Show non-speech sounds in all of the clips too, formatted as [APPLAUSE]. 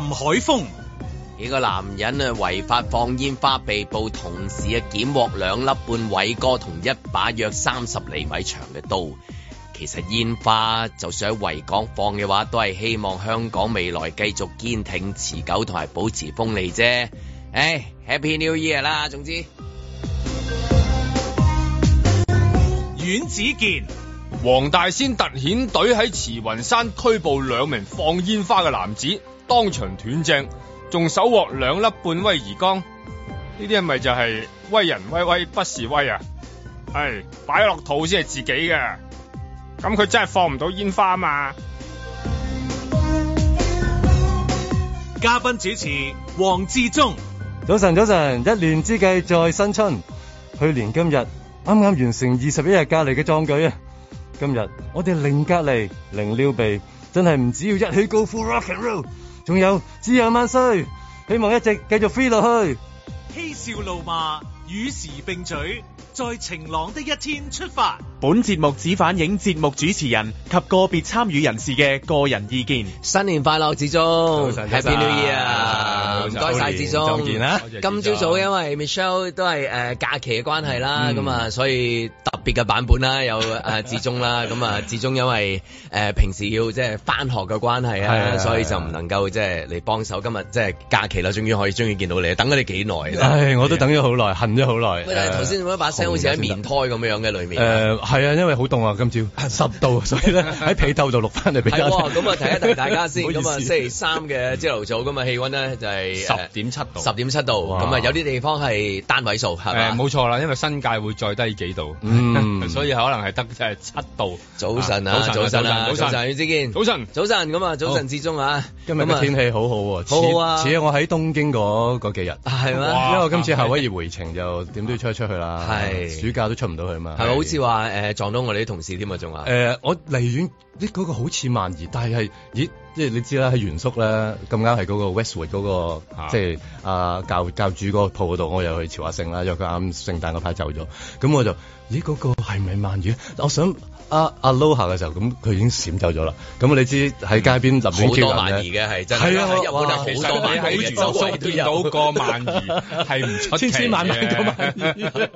林海峰幾個男人啊，違法放煙花被捕，同時啊，檢獲兩粒半偉哥同一把約三十厘米長嘅刀。其實煙花就算喺維港放嘅話，都係希望香港未來繼續堅挺持久同埋保持鋒利啫。哎，Happy New Year 啦！總之，阮子健、黃大仙特遣隊喺慈雲山拘捕兩名放煙花嘅男子。當場斷正，仲手獲兩粒半威而鋼，呢啲係咪就係、是、威人威威不是威啊？係擺落肚先係自己嘅，咁佢真係放唔到煙花嘛？嘉賓主持黃志忠，早晨早晨，一年之計在新春，去年今日啱啱完成二十一日隔離嘅壯舉啊，今日我哋零隔離，零撩鼻，真係唔只要一起高呼 Rock and Roll。仲有自由萬歲，希望一直繼續飛落去。嬉笑怒罵，與時並舉，在晴朗的一天出發。本節目只反映節目主持人及個別參與人士嘅個人意見。新年快樂，志中。新年快樂，Happy New Year 啊！唔該晒，志中。當然啦，今朝早，因為 Michelle 都係誒假期嘅關係啦，咁啊，所以。別嘅版本啦，有阿志忠啦，咁啊志忠因為誒平時要即係翻學嘅關係啊，所以就唔能夠即係嚟幫手。今日即係假期啦，終於可以終於見到你，等咗你幾耐？唉，我都等咗好耐，恨咗好耐。但係頭先咁樣把聲好似喺棉胎咁樣嘅裏面。誒，係啊，因為好凍啊，今朝十度，所以呢喺被竇度錄翻嚟俾。咁啊提一提大家先。咁啊星期三嘅朝頭早咁啊氣溫呢就係十點七度，十點七度。咁啊有啲地方係單位數係。誒，冇錯啦，因為新界會再低幾度。嗯，所以可能係得就係七度。早晨啊，早晨啊，早晨，晨雨之見，早晨，早晨咁啊，早晨之中啊。今日嘅天氣好好，好啊，似我喺東京嗰嗰幾日，係咩？因為今次夏威夷回程就點都要出一出去啦，係暑假都出唔到去嘛。係咯，好似話誒，撞到我哋啲同事添啊，仲話。誒，我離遠啲嗰個好似慢熱，但係咦？即係你知啦，喺元宿咧咁啱係嗰個 Westwood 嗰、那個，啊、即係啊、呃、教教主嗰個鋪度，我又去朝下聖啦，因為佢啱聖誕嗰排走咗，咁我就咦嗰、那個係咪鰻魚？我想。阿阿 l o 下嘅時候，咁佢已經閃走咗啦。咁你知喺街邊臨邊叫人咧，好多萬兒嘅係真係啊，日本有多有，其實買喺住就多到過萬係唔出奇，千千萬萬個萬兒。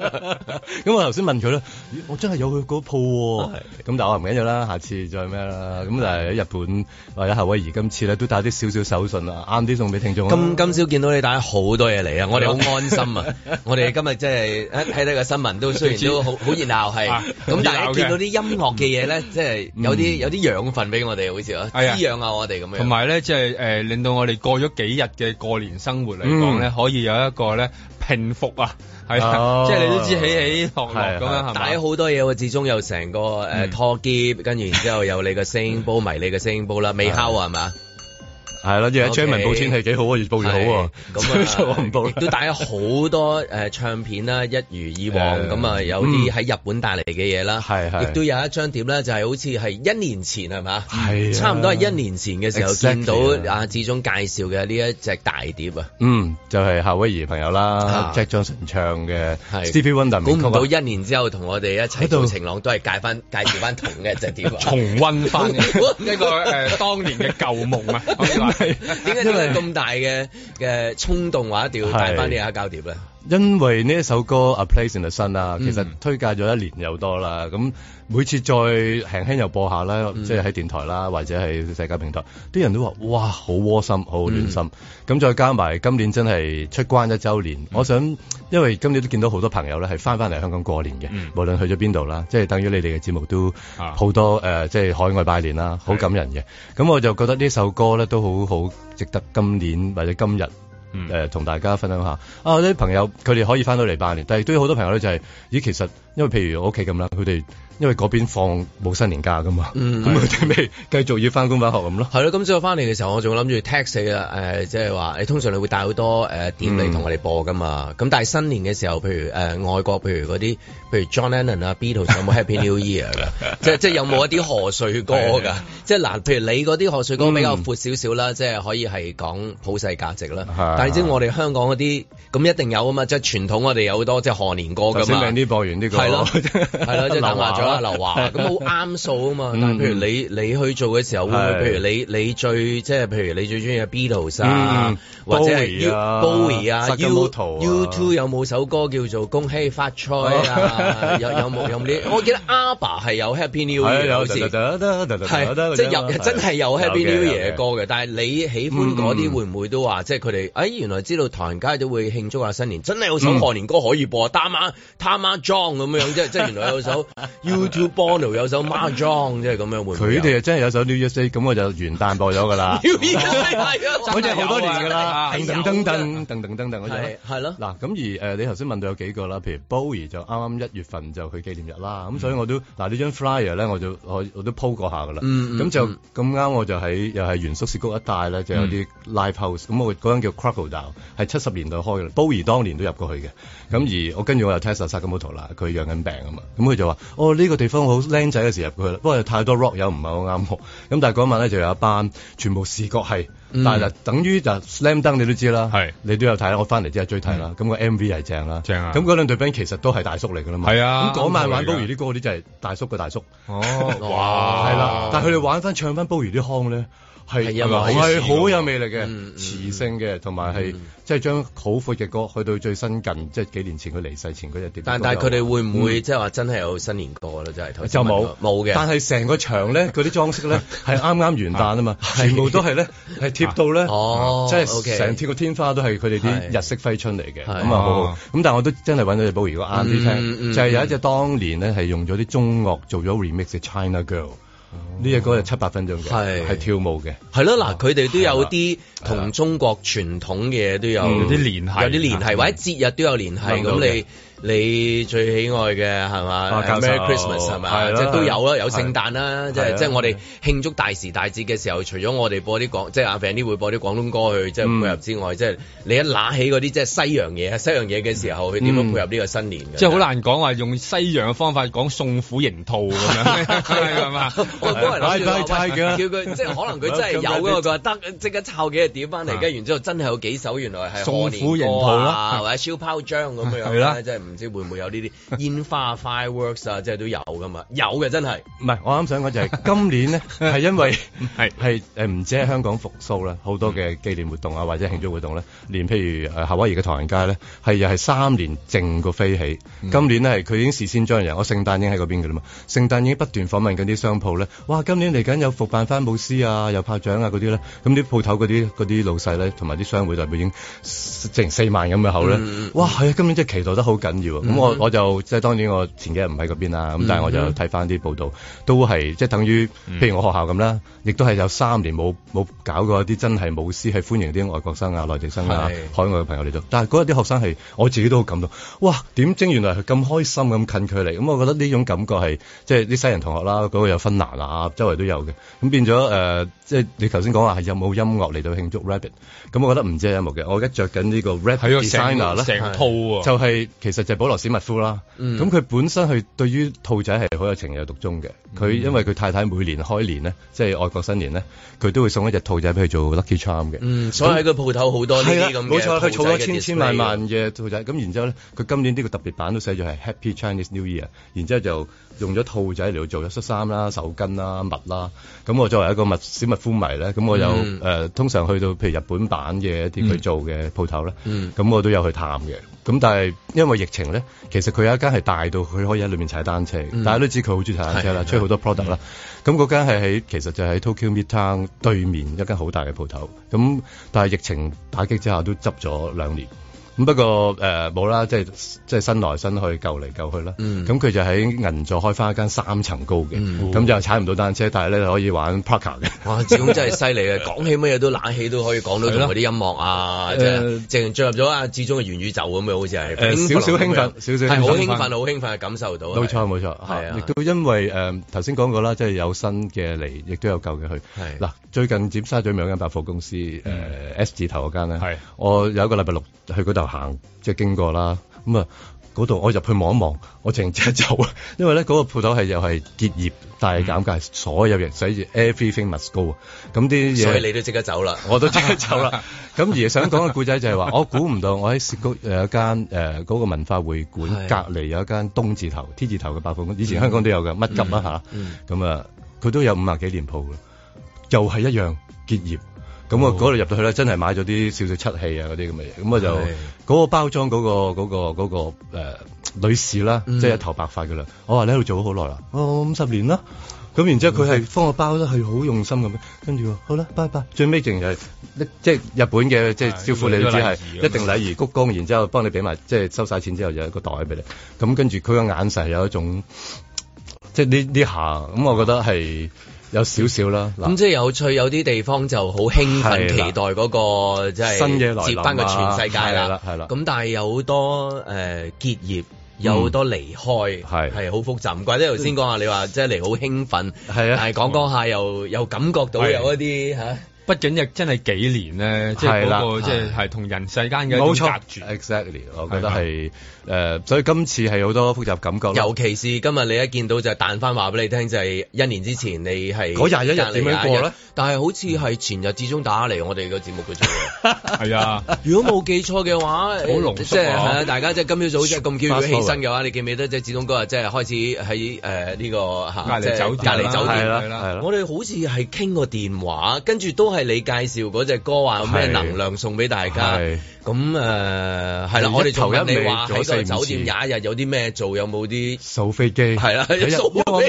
咁 [LAUGHS] 我頭先問佢啦，我真係有佢嗰鋪。咁但係唔緊要啦，下次再咩啦。咁但係喺日本或者夏威夷，今次咧都帶啲少少手信啊，啱啲送俾聽眾。今今朝見到你帶咗好多嘢嚟啊，我哋好安心啊。我哋今日真係喺睇得個新聞都雖然都好好熱鬧係，咁、啊、但係一見到啲音。學嘅嘢咧，即係有啲有啲養分俾我哋，好似啊滋養下我哋咁樣。同埋咧，即係令到我哋過咗幾日嘅過年生活嚟講咧，可以有一個咧平復啊，係即係你都知起起落落咁樣，打好多嘢喎，始終有成個拖結，跟住然之後有你個聲煲埋你個聲煲啦，未敲啊係咪？係啦，而家 Jam 文報天氣幾好啊，越報越好喎。咁啊，都帶咗好多誒唱片啦，一如以往咁啊，有啲喺日本帶嚟嘅嘢啦，係係。亦都有一張碟咧，就係好似係一年前係嘛？係。差唔多係一年前嘅時候見到阿志中介紹嘅呢一隻大碟啊。嗯，就係夏威夷朋友啦，Jack Johnson 唱嘅《Stevie Wonder》。估唔到一年之後同我哋一齊做晴朗都係介翻介紹翻同一隻碟，重温翻呢個誒當年嘅舊夢啊！係點解都係咁大嘅嘅衝動話一定要帶翻啲黑膠碟咧？因為呢一首歌《A Place in the Sun》、嗯、其實推介咗一年又多啦。咁每次再輕輕又播下啦、嗯、即係喺電台啦，或者喺社交平台，啲人都話：哇，好窩心，好暖心。咁、嗯、再加埋今年真係出關一周年，嗯、我想因為今年都見到好多朋友咧，係翻返嚟香港過年嘅，嗯、無論去咗邊度啦，即、就、係、是、等於你哋嘅節目都好多即係、啊呃就是、海外拜年啦，好感人嘅。咁的我就覺得呢首歌咧都好好，值得今年或者今日。誒、嗯呃，同大家分享下啊！我啲朋友佢哋可以翻到嚟拜年，但係都好多朋友咧就係、是、咦，其實因為譬如我屋企咁啦，佢哋。因為嗰邊放冇新年假噶嘛，咁佢哋咪繼續要翻工翻學咁咯。係咯，咁所以翻嚟嘅時候，我仲諗住 t 踢死啊！誒，即係話你通常你會帶好多誒碟嚟同我哋播噶嘛？咁但係新年嘅時候，譬如誒外國，譬如嗰啲譬如 John Lennon 啊、Beatles 有冇 Happy New Year 噶？即即有冇一啲賀歲歌噶？即嗱，譬如你嗰啲賀歲歌比較闊少少啦，即係可以係講普世價值啦。但係即我哋香港嗰啲咁一定有啊嘛！即傳統我哋有好多即賀年歌噶嘛，播完呢，係咯，等啊，劉華咁好啱數啊嘛！但係譬如你你去做嘅時候，會唔會譬如你你最即係譬如你最中意嘅 Beatles 啊，或者係 Bowie 啊，U Two 有冇首歌叫做《恭喜發財》啊？有有冇有冇，我記得阿爸係有 Happy New Year 嗰即係真係有 Happy New Year 嘅歌嘅。但係你喜歡嗰啲會唔會都話即係佢哋？哎，原來知道唐人街都會慶祝下新年，真係有首賀年歌可以播。Tama Tama John 咁樣即係即係原來有首 YouTube Bono 有首 Mar John 即係咁樣會，佢哋又真係有首 New Year's Day 咁我就元旦播咗㗎啦。n e 好多年㗎啦，等等等等等等。噔嗰係咯。嗱咁而誒，你頭先問到有幾個啦，譬如 Bowie 就啱啱一月份就去紀念日啦，咁所以我都嗱呢張 flyer 咧，我就我我都鋪過下㗎啦。咁就咁啱，我就喺又係原宿山谷一帶咧，就有啲 live house，咁我嗰間叫 Crackle Down，係七十年代開嘅，Bowie 當年都入過去嘅。咁而我跟住我又 test Sakamoto 啦，佢養緊病啊嘛，咁佢就話：哦呢。呢個地方好僆仔嘅時入去啦，不過太多 rock 友唔係好啱我。咁但係嗰晚咧就有一班全部視覺系，嗯、但係等於就 slam dunk 你都知啦，係是你都有睇啦。我翻嚟之後追睇啦，咁個 MV 係正啦，正啊！咁嗰兩隊 band 其實都係大叔嚟㗎嘛，係啊！咁嗰晚玩《煲魚啲歌》啲就係大叔嘅大叔，哦 [LAUGHS] 哇，係啦，但係佢哋玩翻唱翻《煲魚啲腔》咧。係係咪？係好有魅力嘅，磁性嘅，同埋係即係將好闊嘅歌去到最新近，即係幾年前佢離世前嗰日點。但係佢哋會唔會即係話真係有新年歌咧？真係就冇冇嘅。但係成個場咧，嗰啲裝飾咧係啱啱元旦啊嘛，全部都係咧係貼到咧，即係成貼個天花都係佢哋啲日式揮春嚟嘅。咁啊好好。咁但係我都真係揾到隻寶如果啱啲聽，就係有一隻當年咧係用咗啲中樂做咗 remix 嘅 China Girl。呢隻歌係七八分鐘嘅，係係跳舞嘅，係咯。嗱，佢哋都有啲同中國傳統嘅都有啲聯繫，有啲聯繫或者節日都有聯繫咁你。你最喜愛嘅係嘛 Merry Christmas 係咪？即係都有啦，有聖誕啦，即係即係我哋慶祝大時大節嘅時候，除咗我哋播啲廣，即係亞視會播啲廣東歌去即係配合之外，即係你一拿起嗰啲即係西洋嘢，西洋嘢嘅時候，佢點樣配合呢個新年？即係好難講話用西洋嘅方法講送虎迎兔咁樣係嘛？我嗰日諗住叫佢，即係可能佢真係有嗰個佢話得，即刻抄幾隻碟翻嚟，跟住完之後真係有幾首原來係送虎迎兔啦，或者燒炮仗咁樣樣，係啦，真係。唔知會唔會有呢啲煙花 [LAUGHS] fireworks 啊，即係都有噶嘛？有嘅真係。唔係我啱想講就係今年呢，係 [LAUGHS] 因為係係誒唔止係香港復甦啦，好多嘅紀念活動啊或者慶祝活動咧，連譬如夏、啊、威夷嘅唐人街咧，係又係三年淨個飛起。嗯、今年咧，佢已經事先將人，我聖誕已經喺嗰邊噶啦嘛。聖誕已經不斷訪問緊啲商鋪咧，哇！今年嚟緊有復辦返舞獅啊，又拍掌啊嗰啲咧，咁啲鋪頭嗰啲啲老細咧，同埋啲商會代表已經成四萬咁嘅口咧，嗯、哇！係啊，今年真係期待得好緊。咁、嗯、我我就即係當然，我前幾日唔喺嗰邊啦。咁但係我就睇翻啲報道，嗯、哼都係即係等於，譬如我學校咁啦，嗯、亦都係有三年冇冇搞過一啲真係舞獅，係歡迎啲外國生啊、內地生啊、的海外嘅朋友嚟到。但係嗰日啲學生係我自己都好感動。哇！點睛原來係咁開心咁近距離，咁、嗯、我覺得呢種感覺係即係啲西人同學啦，嗰、那個有芬蘭啊，周圍都有嘅。咁、嗯、變咗誒、呃，即係你頭先講話係有冇音樂嚟到慶祝 Rabbit？咁、嗯、我覺得唔知有冇嘅，我而家着緊呢個 Rabbit designer 成套、啊、就係、是、其實。就係保羅史密夫啦，咁佢、嗯、本身佢對於兔仔係好有情有獨鍾嘅，佢因為佢太太每年開年咧，即係外國新年咧，佢都會送一隻兔仔俾佢做 lucky charm 嘅、嗯，所以喺個鋪頭好多呢啲咁嘅，冇樣錯，佢儲咗千千萬萬嘅兔仔，咁、啊、然之後咧，佢今年呢個特別版都寫咗係 Happy Chinese New Year，然之後就用咗兔仔嚟到做咗恤衫啦、手巾啦、襪啦，咁我作為一個麥史密夫迷咧，咁我有誒、嗯呃、通常去到譬如日本版嘅一啲佢做嘅鋪頭咧，咁、嗯、我都有去探嘅，咁但係因為疫情。情咧，其實佢有一間係大到佢可以喺裏面踩單車，嗯、大家都知佢好中意踩單車啦，出好多 product 啦、嗯。咁嗰間係喺其實就喺 Tokyo Midtown 對面一間好大嘅鋪頭。咁但係疫情打擊之下都執咗兩年。咁不過誒冇啦，即係即係新來新去，舊嚟舊去啦。咁佢就喺銀座開翻一間三層高嘅，咁就踩唔到單車，但係咧可以玩 parkour 嘅。哇！志忠真係犀利啊！講起乜嘢都冷氣都可以講到同嗰啲音樂啊，即係直情進入咗阿志忠嘅元宇宙咁樣，好似係少少興奮，少少係好興奮，好興奮感受到。冇錯冇錯，係亦都因為誒頭先講過啦，即係有新嘅嚟，亦都有舊嘅去。嗱，最近尖沙咀有間百貨公司誒 S 字頭嗰間咧，我有一個禮拜六去嗰度。行即係、就是、經過啦，咁啊嗰度我入去望一望，我直接走就，因為咧嗰、那個鋪頭係又係結業，但係減價所有嘢使住 Everything Must Go 啊，咁啲嘢所以你都即刻走啦， [LAUGHS] 我都即刻走啦。咁而想講嘅故仔就係話，我估唔到我喺市谷有一間誒嗰個文化會館 [LAUGHS] 隔籬有一間東字頭、T 字頭嘅百貨公司以前香港都有嘅乜、嗯、急啊吓，咁、嗯嗯、啊佢都有五廿幾年鋪嘅，又係一樣結業。咁、嗯、我嗰度入到去咧，真係買咗啲少少漆器啊嗰啲咁嘅嘢。咁我就嗰的個包裝嗰、那個嗰、那個嗰、那個、那個呃、女士啦，即係、嗯、一頭白髮嘅啦。我話你喺度做好好耐啦，我五十年啦。咁然之後佢係幫我包得係好用心咁。跟住好啦拜拜。Bye bye 最尾淨係即係日本嘅即係招呼你只是，只係一定禮儀鞠躬，然之後幫你俾埋即係收曬錢之後，有一個袋俾你。咁跟住佢個眼神係有一種即係呢呢下，咁我覺得係。啊有少少啦，咁即係有趣，有啲地方就好興奮，期待嗰、嗰個即係新接翻個全世界、啊、啦，啦，咁但係有好多、呃、結業，有好多離開，係好、嗯、係複雜。唔怪得頭先講下你話、嗯、即係嚟好興奮，係啊，但係講講下又、嗯、又感覺到有一啲係畢竟亦真係幾年咧，即係嗰個即係同人世間嘅隔絕。Exactly，我覺得係誒，所以今次係好多複雜感覺。尤其是今日你一見到就係彈翻話俾你聽，就係一年之前你係嗰廿一日點樣過呢？但係好似係前日至終打嚟我哋個節目嗰度，係啊！如果冇記錯嘅話，好即係大家即係今朝早即係咁叫起身嘅話，你記唔記得即係志東哥啊？即係開始喺呢個嚇即係隔離酒店啦，我哋好似係傾過電話，跟住都係。係你介紹嗰隻歌話有咩能量送俾大家？係。咁誒係啦，我哋頭一未話喺個酒店廿日有啲咩做，有冇啲數飛機？係啦，數飛機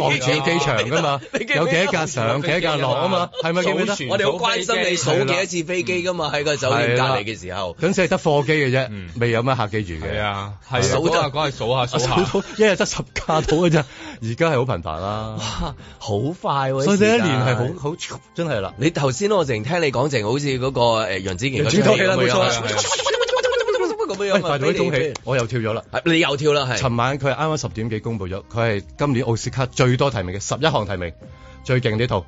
有幾多架上幾多架落啊嘛？係咪做得？我哋好關心你數幾多次飛機㗎嘛？喺個酒店隔離嘅時候，僅止係得貨機嘅啫，未有乜客機住嘅。係啊，係數下講係數下，數一日得十架到㗎啫。而家係好頻繁啦，哇，好快喎！所以一年係好好，真係啦。你頭先我淨聽你講，淨好似嗰個楊子傑快、哎、到啲恭喜你我又跳咗啦、啊，你又跳啦。係，尋晚佢啱啱十點幾公布咗，佢係今年奧斯卡最多提名嘅十一項提名，最勁呢套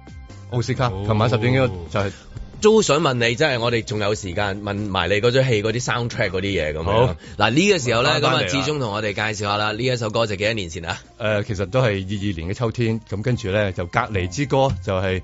奧斯卡。琴、oh. 晚十點幾就係、是，都想問你，即係我哋仲有時間問埋你嗰張戲嗰啲 soundtrack 嗰啲嘢咁。好，嗱呢、啊這個時候咧，咁啊志忠同我哋介紹下啦。呢一首歌就幾多年前啊。誒、呃，其實都係二二年嘅秋天。咁跟住咧，就隔離之歌就係、是。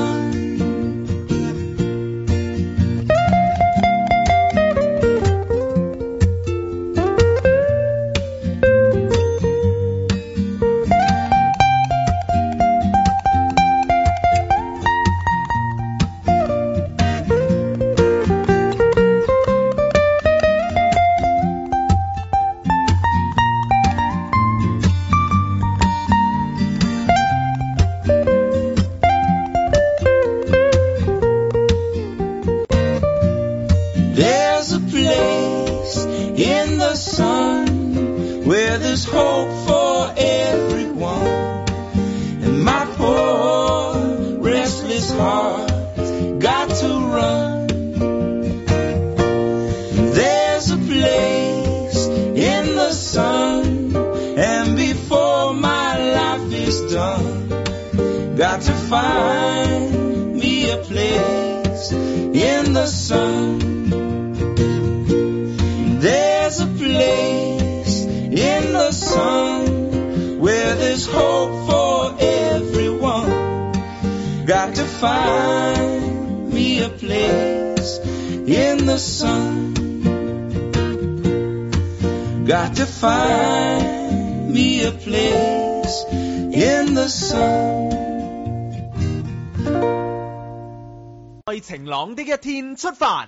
晴朗的一天出發。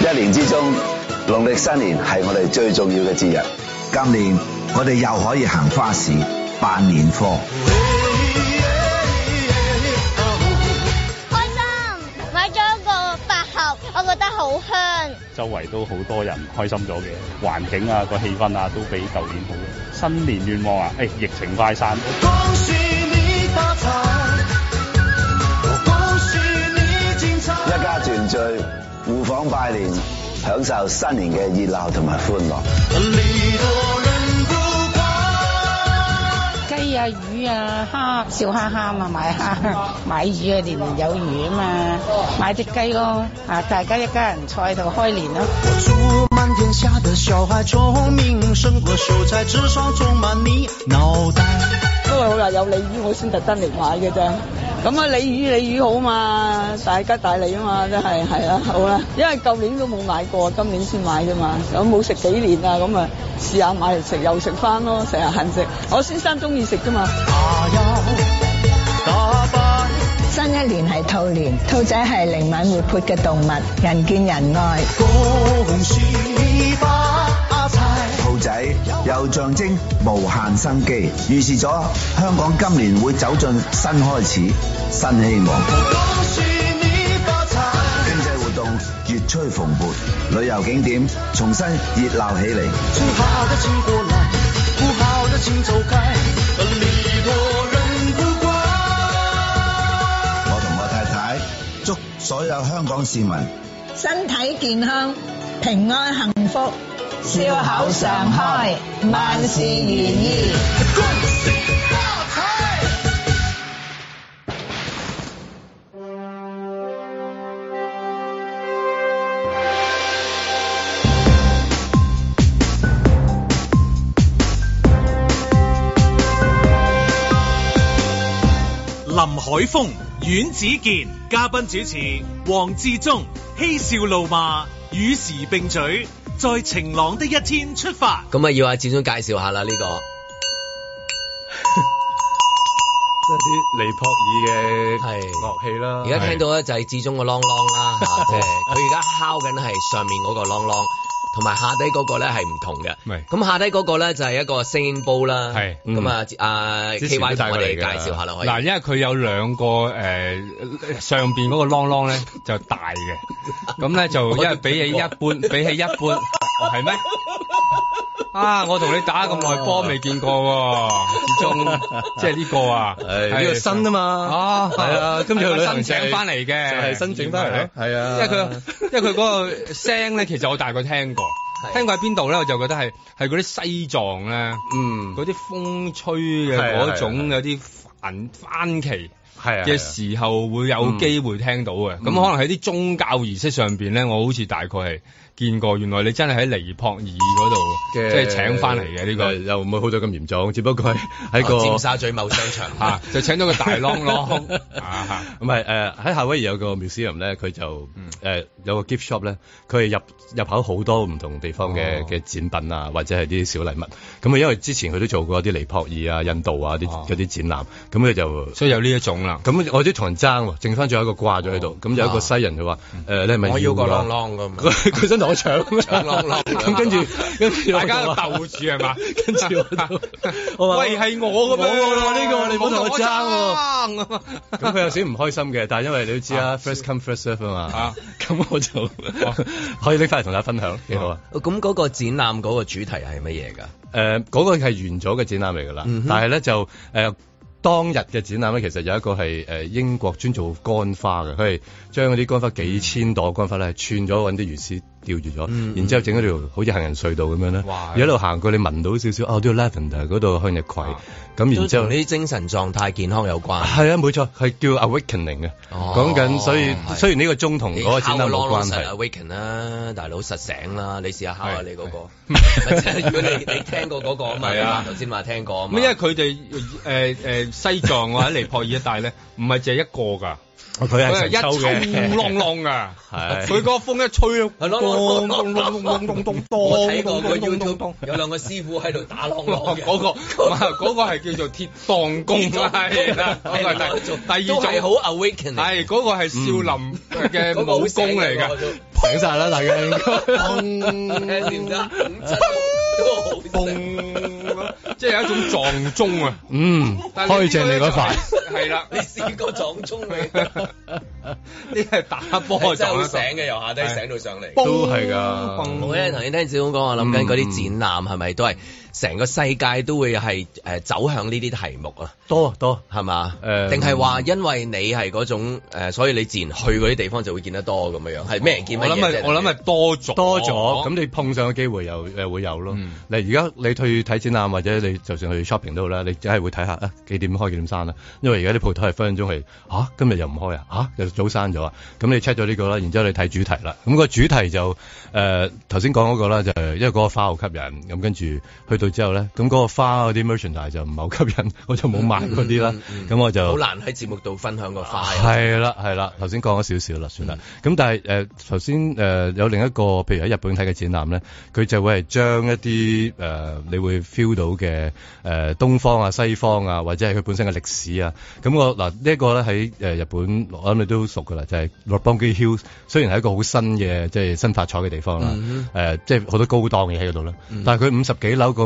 一年之中，農曆新年係我哋最重要嘅節日。今年我哋又可以行花市，辦年貨。開心，買咗一個百合，我覺得好香。周圍都好多人開心咗嘅，環境啊，個氣氛啊，都比舊年好。新年願望啊，誒、哎，疫情快散。互訪拜年，享受新年嘅熱鬧同埋歡樂。雞啊魚啊蝦，笑哈哈啊買蝦，買魚啊年年有魚啊嘛，買隻雞咯啊，大家一家人菜到開年咯、啊、我祝滿天下的小孩聰明，勝過秀才，至少充滿你腦袋。各位我有鯉魚我先特登嚟買嘅啫。咁啊，鯉魚鯉魚好嘛，大吉大利啊嘛，真係係啊，好啦，因為舊年都冇買過，今年先買啫嘛，咁冇食幾年啊，咁啊試下買嚟食，又食翻咯，成日恨食。我先生中意食啫嘛。新一年係兔年，兔仔係靈敏活潑嘅動物，人見人愛。仔又象徵無限生機，預示咗香港今年會走進新開始、新希望。恭喜你經濟活動越趨蓬勃，旅遊景點重新熱鬧起嚟。最我同我太太祝所有香港市民身體健康、平安幸福。笑口常開，萬事如意，恭喜發財。林海峰、阮子健嘉賓主持，黃志忠嬉笑怒罵，與時並嘴。在晴朗的一天出發，咁啊要阿志忠介紹下啦呢個，即係啲尼泊爾嘅樂器啦。而家是聽到咧就係志忠個啷啷啦，即係佢而家敲緊係上面嗰個啷啷。同埋下底嗰個呢係唔同嘅，咁是下底嗰個呢就係、是、一個聲煲啦，咁是啊，嗯、啊 K Y 同我哋介紹下啦，可以嗱，因為佢有兩個、呃、上邊嗰個啷啷呢就大嘅，咁 [LAUGHS] 呢就因為比起一般，比起一般，係咩？ [LAUGHS] 啊！我同你打咁耐波未見過喎，始終即係呢個啊，呢個新啊嘛，啊係啊，今日佢新請翻嚟嘅，就係新請翻嚟咯，係啊，因為佢因為佢嗰個聲呢，其實我大概聽過，聽過喺邊度呢？我就覺得係係嗰啲西藏呢，嗰啲風吹嘅嗰種有啲翻翻旗嘅時候會有機會聽到嘅，咁可能喺啲宗教儀式上面呢，我好似大概係見過，原來你真係喺尼泊爾嗰度，即係請翻嚟嘅呢個又唔會好到咁嚴重，只不過喺喺個尖沙咀某商場嚇，就請咗個大啷啷咁嚇，唔係誒喺夏威夷有個 museum 咧，佢就誒有個 gift shop 咧，佢係入入口好多唔同地方嘅嘅展品啊，或者係啲小禮物。咁啊，因為之前佢都做過啲尼泊爾啊、印度啊啲嗰啲展覽，咁佢就所以有呢一種啦。咁我啲同人爭，剩翻仲有一個掛咗喺度，咁有一個西人佢話誒，你係咪我要個啷啷㗎？佢咁我跟住，跟住大家鬥住係嘛？ [LAUGHS] 跟住我話：喂，係我咁樣咯，呢啦、這個你冇同我爭喎、啊。咁佢別搶 [LAUGHS] 有少少唔開心嘅，但係因為你都知啦、啊、 [LAUGHS] ，First come, first serve 啊嘛。咁 [LAUGHS] 我就 [LAUGHS] 我可以拎翻嚟同大家分享，幾好啊！咁嗰個展覽嗰個主題係乜嘢㗎？誒、呃，嗰、那個係完咗嘅展覽嚟㗎啦。Mm hmm. 但係咧就誒、呃、當日嘅展覽咧，其實有一個係誒英國專做乾花嘅，佢係將嗰啲乾花幾千朵乾花咧串咗，揾啲魚絲。吊住咗，然之後整一條好似行人隧道咁樣咧，一路行過，你聞到少少哦，都啲 lavender、嗰度向日葵，咁然之後呢啲精神狀態健康有關，係啊，冇錯，係叫 awakening 嘅。講緊所以雖然呢個鐘同嗰個展覽冇關係，awaken 啊，大佬，實醒啦，你試下敲下你嗰個，如果你你聽過嗰個啊嘛，頭先話聽過因為佢哋誒誒西藏或者尼泊爾一帶咧，唔係淨係一個㗎。佢係一衝浪浪噶，佢個個風一吹，浪浪浪浪浪浪浪浪，我睇過個 YouTube，有兩個師傅喺度打浪浪，嗰個嗰個係叫做鐵當功，係啦，第二就係好 awaken，係嗰個係少林嘅武功嚟㗎，醒晒啦大家，即係一種撞鐘啊！嗯，開正你嗰塊、就是，係啦了，你試過撞鐘未？呢係 [LAUGHS] [LAUGHS] 打波就 [LAUGHS] 的醒嘅，由下低醒到上嚟，都係噶。我咧頭先聽小紅講，我諗緊嗰啲展覽係咪都係？成個世界都會係、呃、走向呢啲題目啊，多多係嘛？誒吧，定係話因為你係嗰種、呃、所以你自然去嗰啲地方就會見得多咁多樣係咩人見多乜嘢？我諗係我諗係多咗，多咗咁你碰上嘅機會又誒會有咯。嗱、嗯，而家你去睇展覽或者你就算去 shopping 都好啦，你只係會睇下啊幾點開幾點閂啦。因為而家啲鋪頭係分分鐘係啊，今日又唔開啊嚇，又早閂咗啊。咁你 check 咗呢、這個啦，然之後你睇主題啦。咁、那個主題就誒頭先講嗰個啦，就係、是、因為嗰個花好吸引，咁跟住去到。之後咧，咁嗰個花嗰啲 merchant 就唔係好吸引，我就冇買嗰啲啦。咁、嗯嗯嗯嗯、我就好難喺節目度分享個花、啊。係啦、啊，係啦，頭先講咗少少啦，算啦。咁、嗯、但係誒，頭先誒有另一個，譬如喺日本睇嘅展覽咧，佢就會係將一啲誒、呃、你會 feel 到嘅誒、呃、東方啊、西方啊，或者係佢本身嘅歷史啊。咁我嗱呢一個咧喺誒日本，我諗你都熟㗎啦，就係、是、Roppongi Hills。雖然係一個好新嘅即係新發財嘅地方啦，誒即係好多高檔嘅喺度啦，但係佢五十幾樓個。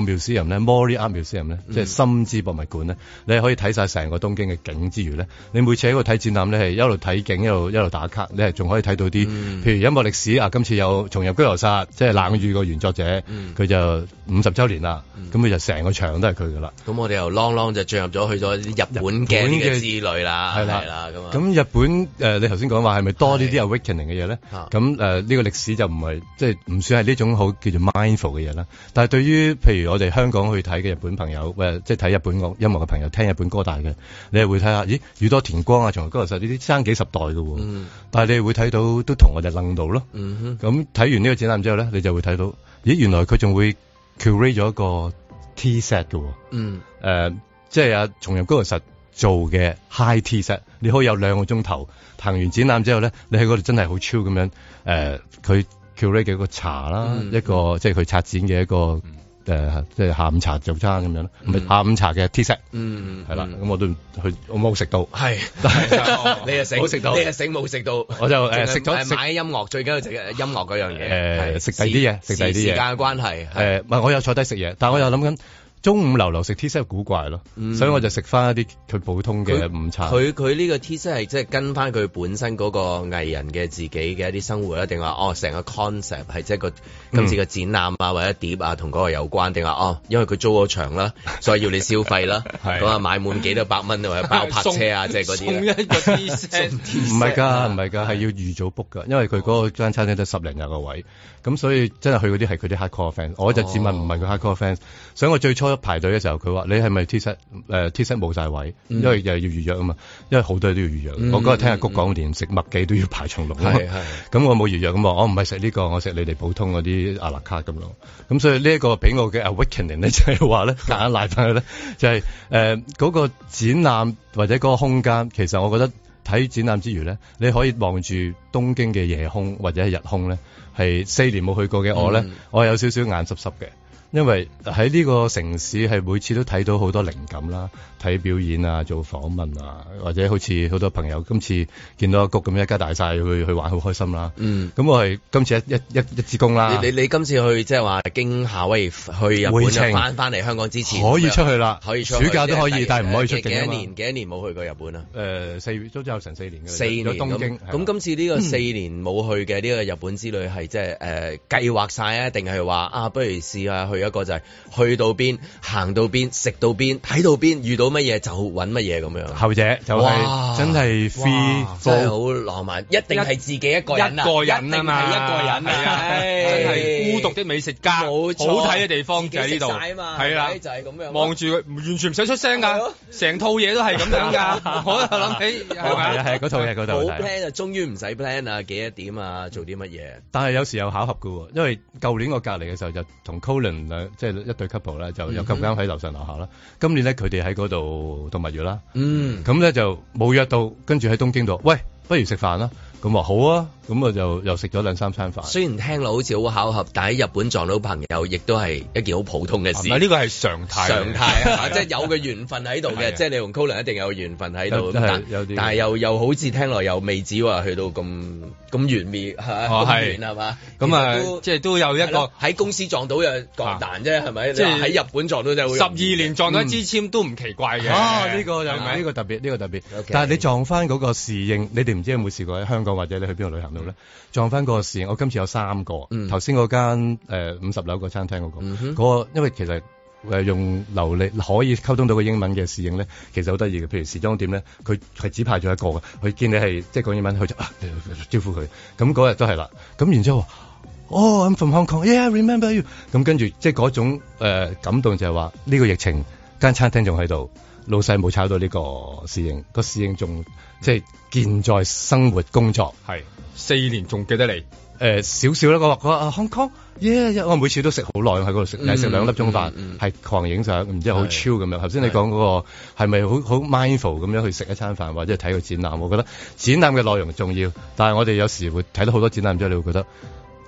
Mori Art Museum 咧，即係心之博物館咧，你係可以睇晒成個東京嘅景之餘咧，你每次喺嗰度睇展覽咧，係一路睇景又一路打卡，你係仲可以睇到啲，嗯、譬如音樂歷史啊，今次有重入居留室，即係冷雨個原作者，佢、嗯、就五十周年啦，咁佢、嗯、就成個場都係佢噶啦。咁我哋又 l o 就進入咗去咗日本景嘅之旅啦，係啦，咁。咁日本誒、呃，你頭先講話係咪多啲啲有 wakening 嘅嘢咧？咁誒、啊，呢、呃這個歷史就唔係，即係唔算係呢種好叫做 mindful 嘅嘢啦。但係對於譬如我。.我哋香港去睇嘅日本朋友，誒、呃，即係睇日本音樂嘅朋友，聽日本歌大嘅，你係會睇下，咦，宇多田光啊，重入高橋實呢啲生幾十代嘅，嗯、哼但係你係會睇到都同我哋愣到咯。咁睇、嗯、哼完呢個展覽之後咧，你就會睇到，咦，原來佢仲會 curate 咗一個 tea set 嘅。嗯，誒、呃，即係阿重入高橋實做嘅 high tea set，你可以有兩個鐘頭行完展覽之後咧，你喺嗰度真係好 chill 咁樣。誒、呃，佢 curate 嘅一個茶啦，一個即係佢策展嘅一個。誒即係下午茶早餐咁樣咯，唔係下午茶嘅 tea set，嗯，係啦，咁我都去我冇食到，係，但係你又死冇食到，你又死冇食到，我就誒食咗買音樂最緊要食音樂嗰樣嘢，誒食第啲嘢，食第啲嘢，時間嘅關係，誒，唔係我又坐低食嘢，但係我又諗緊。中午流流食 T-shirt、嗯、古怪咯，所以我就食翻一啲佢普通嘅午餐。佢佢呢個 T-shirt 係即係跟翻佢本身嗰個藝人嘅自己嘅一啲生活啦，定話哦成個 concept 係即係個今次嘅展覽啊或者碟啊同嗰個有關，定話哦因為佢租咗場啦，所以要你消費啦。咁啊買滿幾多百蚊或者包泊車啊，即係嗰啲。T-shirt 唔係㗎，唔係㗎，係要預早 book 㗎，因為佢嗰個間餐廳得十零廿個位，咁、哦嗯、所以真係去嗰啲係佢啲 hard core fans、哦。我就自問唔係佢 hard core fans，所以我最初。排隊嘅時候，佢話你係咪 T 恤、呃？誒，T 冇晒位，嗯、因為又要預約啊嘛。因為好多嘢都要預約。嗯、我嗰日聽阿谷講，嗯嗯、連食麥記都要排長龍。係係、咁我冇預約咁，我唔係食呢個，我食你哋普通嗰啲阿拉卡咁咯。咁所以呢一個俾我嘅 Awakening 咧，嗯、 [LAUGHS] 就係話咧，隔一耐翻去咧，就係誒嗰個展覽或者嗰個空間。其實我覺得睇展覽之餘咧，你可以望住東京嘅夜空或者係日空咧。係四年冇去過嘅我咧，嗯、我有少少眼濕濕嘅。因為喺呢個城市係每次都睇到好多靈感啦，睇表演啊，做訪問啊，或者好似好多朋友今次見到阿谷咁一家大細去去玩好開心啦。嗯，咁我係今次一一一一支公啦。你你今次去即係話經夏威夷去日本返翻翻嚟香港之前可以出去啦，可以出去，暑假都可以，但係唔可以出境。啊幾多年幾多年冇去過日本啊？誒，四都只有成四年嘅。四年。咁咁今次呢個四年冇去嘅呢個日本之旅係即係誒計劃晒啊，定係話啊不如試下去？有一個就係去到邊，行到邊，食到邊，睇到邊，遇到乜嘢就搵乜嘢咁樣。後者就係真係 free，真係好浪漫。一定係自己一個人啊，一個人啊嘛，一個人啊，真係孤獨的美食家。冇錯，好睇嘅地方就係呢度，係啦，就係咁樣。望住佢，完全唔使出聲㗎，成套嘢都係咁樣㗎。我諗起，係咪啊？係嗰套嘢，嗰套。plan 就終於唔使 plan 啊，幾多點啊，做啲乜嘢？但係有時有巧合㗎喎，因為舊年我隔離嘅時候就同 Colin。即係一對 couple 咧，就有咁啱喺樓上樓下啦。嗯、哼今年咧，佢哋喺嗰度度蜜月啦。嗯，咁咧就冇約到，跟住喺東京度，喂，不如食飯啦。咁啊，好啊，咁我就又食咗兩三餐飯。雖然聽落好似好巧合，但喺日本撞到朋友，亦都係一件好普通嘅事。呢個係常態，常態，即係有個緣分喺度嘅。即係你同 Colin 一定有緣分喺度。係，有啲。但係又又好似聽落又未至於話去到咁咁完美吓，係嘛？咁啊，即係都有一個喺公司撞到又講彈啫，係咪？喺日本撞到有。十二年撞到一支簽都唔奇怪嘅。啊，呢個就呢個特別，呢個特別。但係你撞翻嗰個侍應，你哋唔知有冇試過喺香港？或者你去邊度旅行到咧，撞翻個侍應？我今次有三個，頭先嗰間誒五十樓個餐廳嗰、嗰個，嗰、嗯哼嗰個因為其實誒、呃、用流利可以溝通到個英文嘅侍應咧，其實好得意嘅。譬如時裝店咧，佢係只派咗一個嘅，佢見你係即係講英文，佢就、啊、招呼佢。咁嗰日都係啦，咁然之後話哦，I'm from Hong Kong，yeah，remember you？咁跟住即係嗰種、呃、感動就係話呢個疫情間餐廳仲喺度。老細冇炒到呢個侍兄，個侍兄仲即係健在生活工作，係四年仲記得你。誒少少啦，我話我香港 y 我每次都食好耐喺嗰度食，食兩粒鐘飯，係、嗯嗯、狂影相，然之好超咁樣。頭先是你講嗰、那個係咪好好 mindful 咁樣去食一餐飯，或者睇個展覽？我覺得展覽嘅內容重要，但係我哋有時會睇到好多展覽，唔知你會覺得？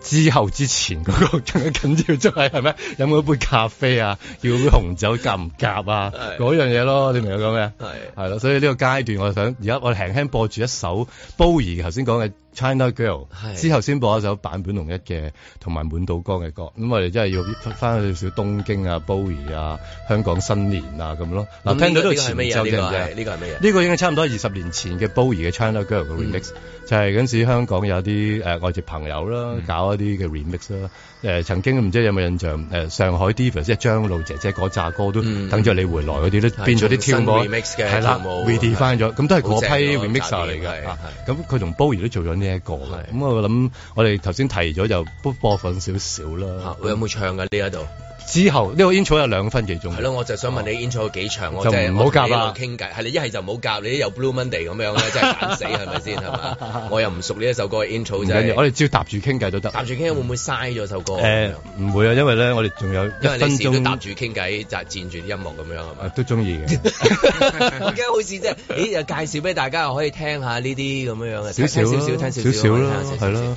之後之前嗰個更緊要，狀係係咩？飲嗰杯咖啡啊，要杯紅酒夾唔夾啊？嗰 [LAUGHS] 樣嘢咯，你明我講咩？係係咯，所以呢個階段，我係想而家我輕輕播住一首 Bowie 頭先講嘅。China Girl，之後先播一首坂本龍一嘅，同埋滿島光嘅歌。咁我哋真係要翻去少少東京啊，Bowie 啊，香港新年啊咁咯。嗱，聽到都係前奏啫。呢個係呢個係咩啊？呢個應該差唔多二十年前嘅 Bowie 嘅 China Girl 嘅 Remix，就係嗰陣時香港有啲外籍朋友啦，搞一啲嘅 Remix 啦。曾經唔知有冇印象，上海 Divas 即係張露姐姐嗰扎歌都等著你回來嗰啲都變咗啲跳舞 Remix 嘅，係啦 reedit 翻咗，咁都係嗰批 Remixer 嚟嘅。咁佢同 Bowie 都做咗。呢一個係，咁我諗我哋頭先提咗就不播放少少啦。吓，會有冇唱㗎呢一度？之後呢個 intro 有兩分幾鐘。係咯，我就想問你 intro 有幾長？我就唔好夾啦。傾偈係你一係就唔好夾，你有 Blue Monday 咁樣咧，真係煩死，係咪先？係咪？我又唔熟呢一首歌嘅 intro，就係。我哋只要搭住傾偈都得。搭住傾會唔會嘥咗首歌？誒，唔會啊，因為呢，我哋仲有因為一分都搭住傾偈，就佔住啲音樂咁樣係咪？都鍾意嘅。唔驚好似即係，咦？介紹俾大家可以聽下呢啲咁樣樣，少少少少聽少少啦，係啦。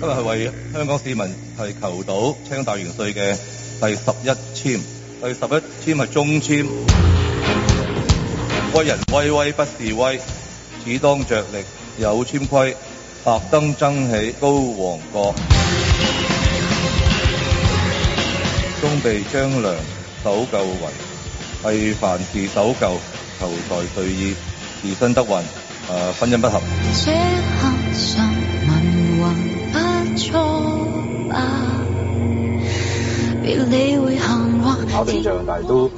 今日係為香港市民係求到青大元帥嘅第十一簽，第十一簽係中簽。威人威威不是威，只當着力有簽規。白登爭起高皇國，終被張良守舊云。係凡事守舊，求財隨意，自身得運。誒、呃、婚姻不合。不打對仗，但係都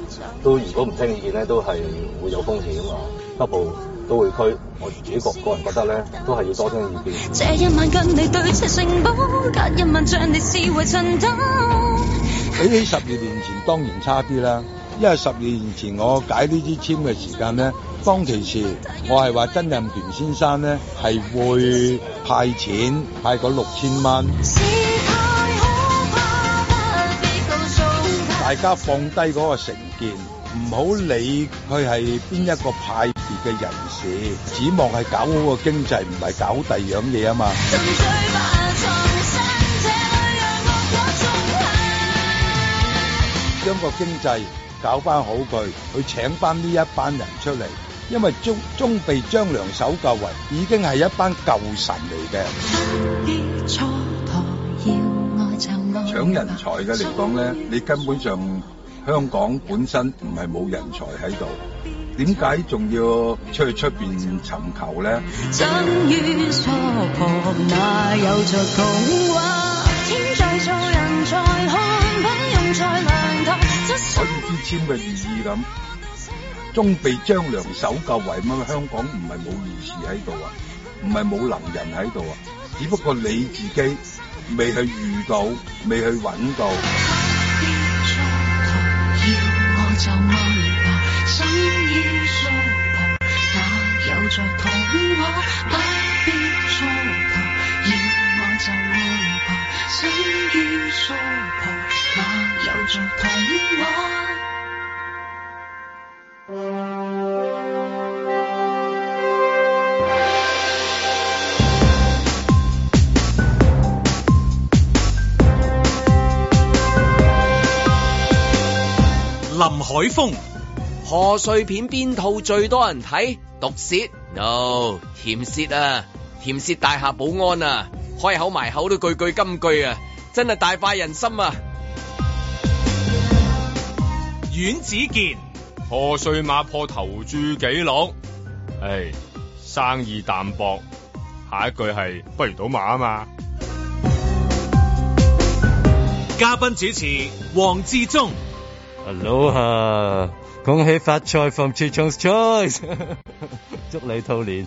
都，都如果唔聽意見咧，都係會有風險啊！北部都會區，我自己個人覺得咧，都係要多聽意見。這一晚跟你對砌城堡，隔一晚將你視為塵土。比起十二年前，當然差啲啦，因為十二年前我解呢支籤嘅時間咧。當其時，我係話曾蔭權先生咧，係會派錢派個六千蚊。大家放低嗰個成見，唔好理佢係邊一個派別嘅人士，指望係搞好個經濟，唔係搞第二樣嘢啊嘛。將個經濟搞翻好佢，去請翻呢一班人出嚟。因為中中被張良守救，為已經係一班救神嚟嘅。搶人才嘅嚟講咧，你根本上香港本身唔係冇人才喺度，點解仲要出去出面尋求咧？以似簽嘅意義咁。中被張良守舊為乜？香港唔係冇賢士喺度啊，唔係冇能人喺度啊，只不過你自己未去遇到，未去揾到。林海峰，賀歲片邊套最多人睇，毒舌？No，甜舌啊，甜舌大廈保安啊，開口埋口都句句金句啊，真係大快人心啊！阮子健。破碎馬破投注紀錄，唉、哎，生意淡薄。下一句係不如賭馬啊嘛。嘉賓主持黃志忠。Hello 哈，恭喜發財 from Charles Choice， [LAUGHS] 祝你兔年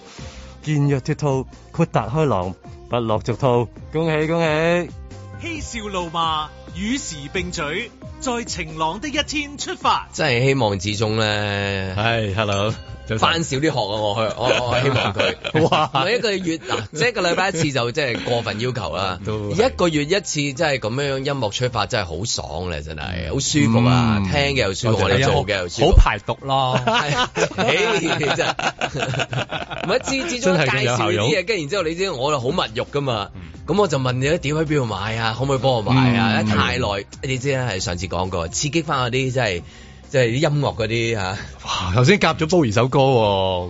健若脫兔，豁達開朗，不落俗套，恭喜恭喜。嬉笑怒罵與時並舉，在晴朗的一天出發。真係希望之中咧，係 Hello，翻少啲學啊，我我我希望佢，每一個月，即係一個禮拜一次就真係過分要求啦。都一個月一次，真係咁樣樣音樂出發，真係好爽咧，真係好舒服啊，聽嘅又舒服，你做嘅又舒服，好排毒咯。唔係次之中介紹啲嘢，跟住然之後你知我就好物欲噶嘛。咁我就問你一點喺邊度買啊，可唔可以幫我買啊？一太耐，你知啦，係上次講過刺激翻嗰啲真係。即係啲音樂嗰啲嚇，哇，頭先夾咗煲 o 首歌，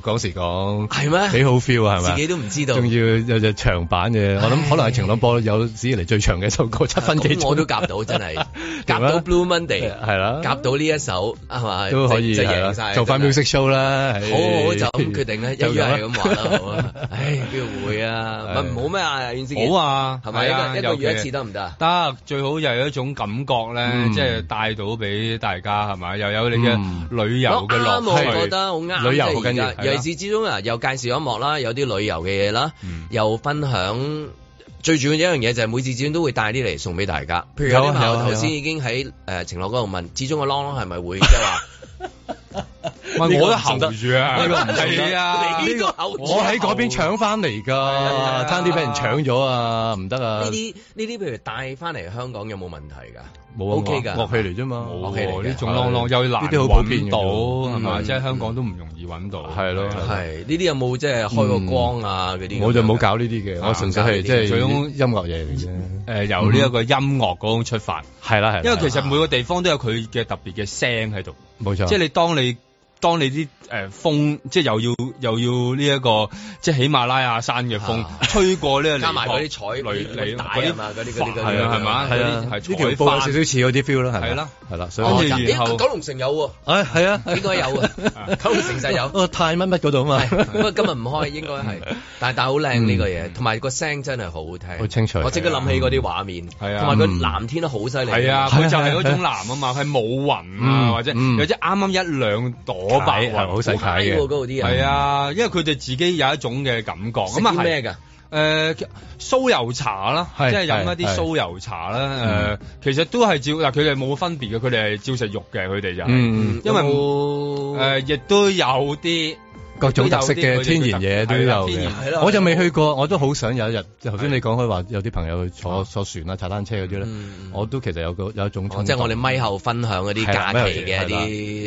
講時講係咩幾好 feel 係咪？自己都唔知道，仲要有隻長版嘅，我諗可能係晴朗波有史以嚟最長嘅一首歌七分幾，我都夾到真係夾到 Blue Monday 係啦，夾到呢一首係咪？都可以係啦，做返 music show 啦，好好就咁決定啦，一樣係咁話啦，好啊，唉會啊？唔好咩啊？好啊，係咪一個月一次得唔得？得最好又係一種感覺咧，即係帶到俾大家係咪？又有你嘅旅遊嘅咯，趣，覺得好啱。旅遊好緊要，尤其是始終啊，又介紹音樂啦，有啲旅遊嘅嘢啦，又分享。最主要一樣嘢就係每次始終都會帶啲嚟送俾大家。譬如，有啲朋友頭先已經喺誒晴樂嗰度問，始終個啷啷係咪會即係話？我都行得住啊！呢個唔係啊，呢個 h 我喺嗰邊搶翻嚟噶，差啲俾人搶咗啊！唔得啊！呢啲呢啲，譬如帶翻嚟香港有冇問題噶？冇啊，O K 噶，樂器嚟啫嘛，O K 嘅。呢種浪浪又難搵到，係咪？即係香港都唔容易搵到，係咯。係呢啲有冇即係開個光啊？嗰啲我就冇搞呢啲嘅，我純粹係即係最音樂嘢嚟啫。誒，由呢一個音樂嗰種出發，係啦係。因為其實每個地方都有佢嘅特別嘅聲喺度。冇錯，即係你當你，當你啲誒風，即係又要又要呢一個，即係喜馬拉雅山嘅風吹過呢個，加埋嗰啲彩女雷帶啊嘛，嗰啲嗰啲係啊係嘛係啊係彩帶少少似嗰啲 feel 咯，係係啦係啦，所以跟住然後九龍城有誒係啊應該有九龍城就有啊太乜乜嗰度啊嘛，不過今日唔開應該係，但係但係好靚呢個嘢，同埋個聲真係好好聽，好清楚。我即刻諗起嗰啲畫面，係啊，同埋個藍天都好犀利，係啊，佢就係嗰種藍啊嘛，係冇雲啊或者或者啱啱一兩朵。我睇係伯好細個睇過嗰度啲人，係啊，因為佢哋自己有一種嘅感覺咁啊係咩噶誒？酥油茶啦，即係飲一啲酥油茶啦。誒，呃、其實都係照嗱，佢哋冇分別嘅，佢哋係照食肉嘅，佢哋就係、嗯，因為誒亦、呃、都有啲。各種特色嘅天然嘢都有，我就未去過，我都好想有一日，頭先你講開話有啲朋友坐坐船啊、踩單車嗰啲咧，我都其實有個有一種即係我哋咪後分享嗰啲假期嘅啲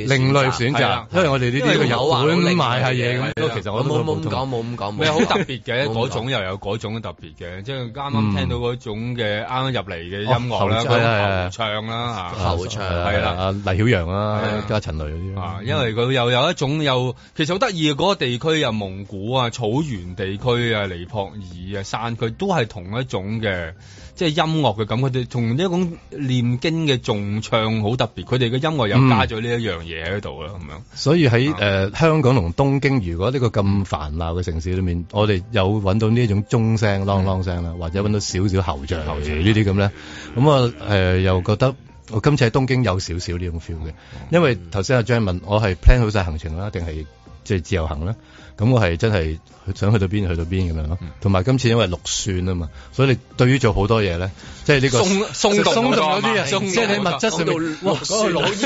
另類選擇，因為我哋呢啲嘅有冇買下嘢咁？其實我都同冇咁講冇咁講，好特別嘅嗰種又有嗰種特別嘅，即係啱啱聽到嗰種嘅啱啱入嚟嘅音樂唱啦、合唱係啦，阿黎曉陽啊、加陳雷嗰啲因為佢又有一種又其實好得意。嗰個地區呀、蒙古啊，草原地區啊，尼泊爾啊，山區都係同一種嘅，即係音樂嘅感覺。佢哋同一種念經嘅重唱好特別，佢哋嘅音樂又加咗呢一樣嘢喺度啦。咁樣、嗯，所以喺誒、嗯呃、香港同東京，如果呢個咁繁鬧嘅城市裏面，我哋有搵到呢一種鐘聲啷啷聲啦，嗯、或者搵到少少喉像喉像呢啲咁咧，咁啊誒，又覺得我今次喺東京有少少呢種 feel 嘅，因為頭先阿張問我係 plan 好晒行程啦，定係？即係自由行啦，咁我係真係。想去到邊去到邊咁樣咯，同埋今次因為六算啊嘛，所以你對於做好多嘢咧，即係呢個鬆鬆鬆啲人，啲嘢，即係喺物質上面，算老算，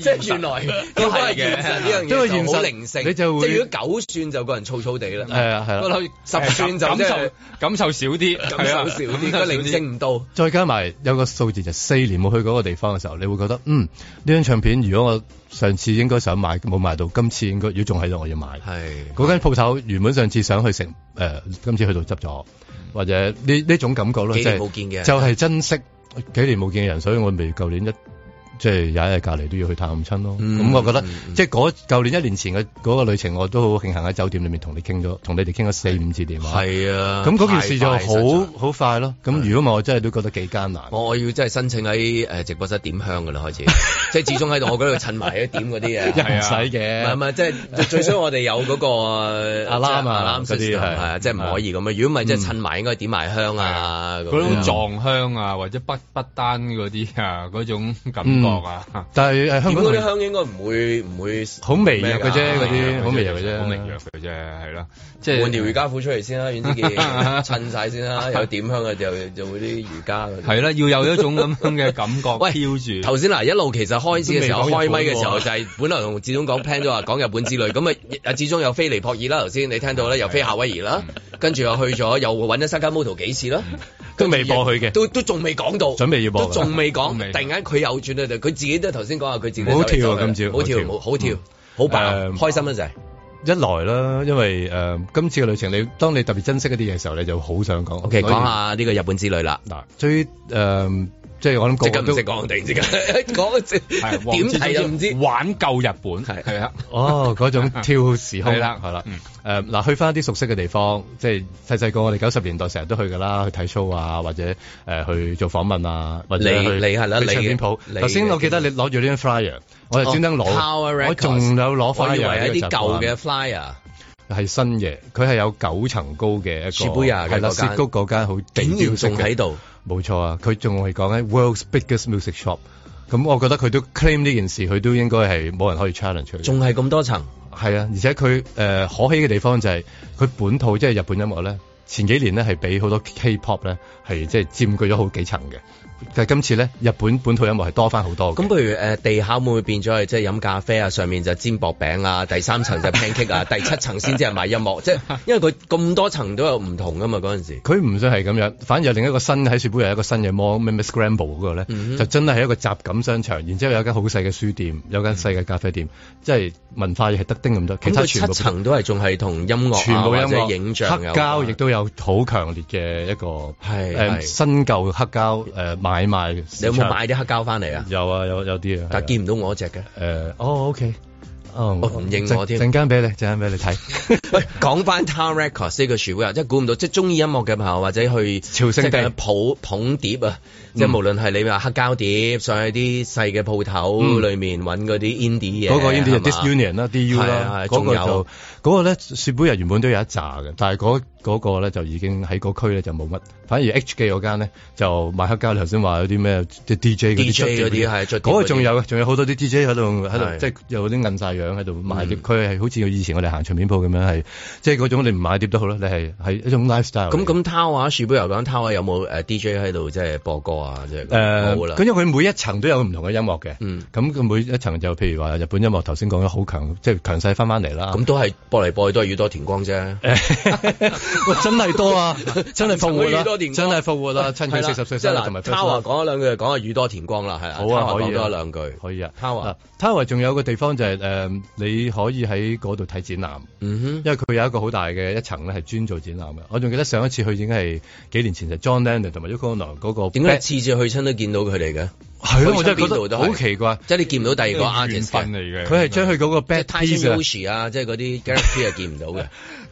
即係原來都係嘅。因為現實呢樣嘢就冇靈性，你就會即係如果九算就個人粗粗哋啦，係啊係啦，十算就感受少啲，感受少啲，個靈性唔到。再加埋有個數字，就四年冇去嗰個地方嘅時候，你會覺得嗯呢張唱片，如果我上次應該想買冇買到，今次應該如果仲喺度，我要買。係嗰間鋪頭原本上。次想去食，誒、呃，今次去到執咗，嗯、或者呢呢種感覺咯，即係冇見嘅就係珍惜幾年冇見嘅人，所以我咪舊年一。即係有一日隔籬都要去探親咯，咁我覺得即係舊年一年前嘅嗰個旅程，我都好慶幸喺酒店裏面同你傾咗，同你哋傾咗四五次電話。係啊，咁嗰件事就好好快咯。咁如果我真係都覺得幾艱難。我要真係申請喺誒直播室點香嘅啦，開始即係始終喺度，我覺得要襯埋一點嗰啲嘢，唔使嘅。唔係唔係，即係最想我哋有嗰個阿蘭啊，嗰啲係啊，即係唔可以咁啊。如果唔係，即係襯埋應該點埋香啊，嗰種撞香啊，或者不不丹嗰啲啊，嗰種感覺。啊！但係香港啲香應該唔會唔會好微弱嘅啫，嗰啲好微弱嘅啫，好微弱嘅啫，係咯，即係換條瑜伽褲出嚟先啦，遠啲嘅襯曬先啦，有點香嘅就做啲瑜伽嗰啲。係啦，要有一種咁嘅感覺。喂，跳住頭先嗱，一路其實開始嘅時候開咪嘅時候就係本來同志中講聽咗話講日本之旅咁啊，阿志中又飛尼泊爾啦，頭先你聽到咧，又飛夏威夷啦，跟住又去咗又揾咗三間摩托幾次啦，都未播去嘅，都都仲未講到，準備要播，都仲未講，突然間佢又轉咗。佢自己都係頭先講下，佢自己好跳啊！今朝好跳，跳，好跳，好白，開心啊！就係一來啦，因為誒、呃，今次嘅旅程，你當你特別珍惜一啲嘢嘅時候，你就好想講。OK，講以下呢個日本之旅啦。嗱，最、呃、誒。即係我諗講都唔識講地，直接講即係點睇都唔知。玩舊日本係係啊，哦嗰種跳時空係啦，係啦。誒嗱，去翻一啲熟悉嘅地方，即係細細個我哋九十年代成日都去㗎啦，去睇 show 啊，或者誒去做訪問啊。你你係啦，你頭先我記得你攞住呢張 flyer，我係專登攞，我仲有攞 flyer。以為係啲舊嘅 flyer，係新嘢。佢係有九層高嘅一個，係啦，澀谷嗰間好典雅仲喺度。冇錯啊，佢仲係講緊 World's biggest music shop，咁、嗯、我覺得佢都 claim 呢件事，佢都應該係冇人可以 challenge 出嚟。仲係咁多層，係啊，而且佢誒、呃、可喜嘅地方就係、是、佢本土即係、就是、日本音樂咧，前幾年咧係比好多 K-pop 咧係即係佔據咗好幾層嘅。但係今次咧，日本本土音樂係多翻好多嘅。咁譬如誒，地下會變咗係即係飲咖啡啊，上面就煎薄餅啊，第三層就 pancake 啊，第七層先至係賣音樂。即係因為佢咁多層都有唔同㗎嘛，嗰陣時。佢唔想係咁樣，反而有另一個新喺雪堡又有個新嘅 m 咩咩 Scramble 嗰個咧，就真係一個雜錦商場。然之後有一間好細嘅書店，有間細嘅咖啡店，即係文化嘢係得丁咁多。其他七層都係仲係同音樂，全部音樂嘅影像黑膠，亦都有好強烈嘅一個新舊黑膠買賣嘅，你有冇買啲黑膠翻嚟啊？有啊，有有啲啊。但係見唔到我一隻嘅，誒，哦，OK，我唔認我添。陣間俾你，陣間俾你睇。喂，講翻 Tower Records 呢個 Shibuya 啊，即係估唔到，即係中意音樂嘅朋友或者去朝聖地捧捧碟啊，即係無論係你話黑膠碟，上去啲細嘅鋪頭裏面揾嗰啲 indie 嘢，嗰個 indie Disunion 啦，DU 啦，嗰個嗰個咧，Shibuya 啊，原本都有一紮嘅，但係嗰嗰個咧就已經喺嗰區咧就冇乜，反而 H 記嗰間咧就賣黑膠，頭先話有啲咩啲 DJ 嗰啲，嗰 DJ 個仲有，仲有好多啲 DJ 喺度喺度，即係有啲印曬樣喺度賣碟。佢係好似以前我哋行唱片鋪咁樣，係即係嗰種你唔買碟都好啦，你係係一種 lifestyle、嗯。咁咁 Tower 樹杯，又講 Tower 有冇誒、uh, DJ 喺度即係播歌啊？即係誒冇啦。咁因為佢每一層都有唔同嘅音樂嘅。嗯，咁佢每一層就譬如話日本音樂，頭先講咗好強，即係強勢翻翻嚟啦。咁都係播嚟播去都係宇多田光啫。 [LAUGHS] 真係多啊！真係復活啦，真係復活啦，趁佢四十歲。嗱，同埋 Towa 講一兩句，講下宇多田光啦，係啊。好啊，講多一兩句可以啊。Towa，Towa 仲有個地方就係誒，你可以喺嗰度睇展覽。嗯哼，因為佢有一個好大嘅一層咧，係專做展覽嘅。我仲記得上一次去已經係幾年前，就 John Lennon 同埋 Yoko Ono 嗰個。點解次次去親都見到佢哋嘅？係我真係覺得，好奇怪，即係你見唔到第二個 artist 嚟嘅。佢係將佢嗰個 bad piece 啊，即係嗰啲 gallery 見唔到嘅。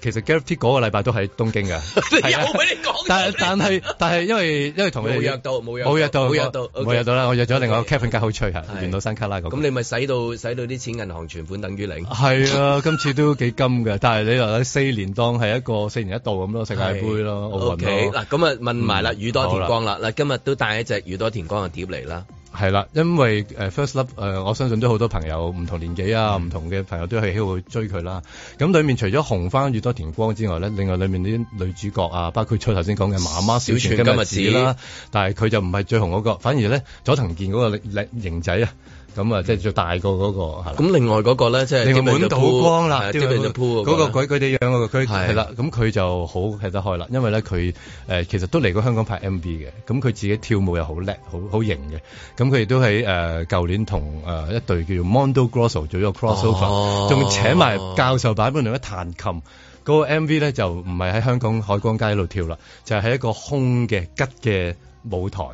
其實 Gareth T 嗰個禮拜都喺東京㗎，又俾你講。但係但係但因為因為同佢冇約到冇約到冇約到冇約到啦，我約咗另外個 Kevin 哥好吹嚇，元老山卡拉個。咁你咪使到使到啲錢，銀行存款等於零。係啊，今次都幾金㗎。但係你話四年當係一個四年一度咁咯，世界盃咯，奧運咯，O K 嗱，咁啊問埋啦，宇多田光啦，嗱今日都帶一隻宇多田光嘅碟嚟啦。係啦，因為誒 First Love 誒，我相信都好多朋友唔同年紀啊，唔同嘅朋友都係喺度去追佢啦。咁裏面除咗紅翻《宇多田光》之外咧，另外裏面啲女主角啊，包括咗頭先講嘅媽媽小泉今日子啦，但係佢就唔係最紅嗰個，反而咧佐藤健嗰個靚型仔啊，咁啊即係最大個嗰個。咁另外嗰個咧即係滿島光啦，啲人就嗰個鬼鬼哋樣嘅佢係啦，咁佢就好睇得開啦，因為咧佢誒其實都嚟過香港拍 MV 嘅，咁佢自己跳舞又好叻，好好型嘅。咁佢亦都喺誒舊年同誒、呃、一隊叫、so、做 Mondo Grosso 做咗個 crossover，仲、哦、請埋教授版本嚟彈琴。嗰、那個 MV 咧就唔係喺香港海光街喺度跳啦，就係、是、喺一個空嘅吉嘅舞台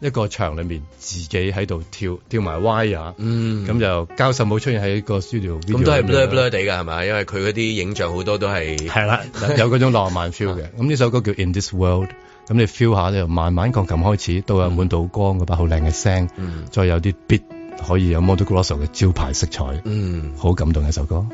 一個場裏面自己喺度跳跳埋 wire、嗯。咁就教授冇出現喺個 studio、嗯。咁都係 blur blur 地㗎，係嘛？因為佢嗰啲影像好多都係係啦，的 [LAUGHS] 有嗰種浪漫 feel 嘅。咁呢首歌叫 In This World。咁你 feel 下，你又慢慢鋼琴開始，都有滿到光嗰把好靚嘅聲，嗯、再有啲 beat 可以有 Mondo Grosso 嘅招牌色彩，好、嗯、感動嘅一首歌。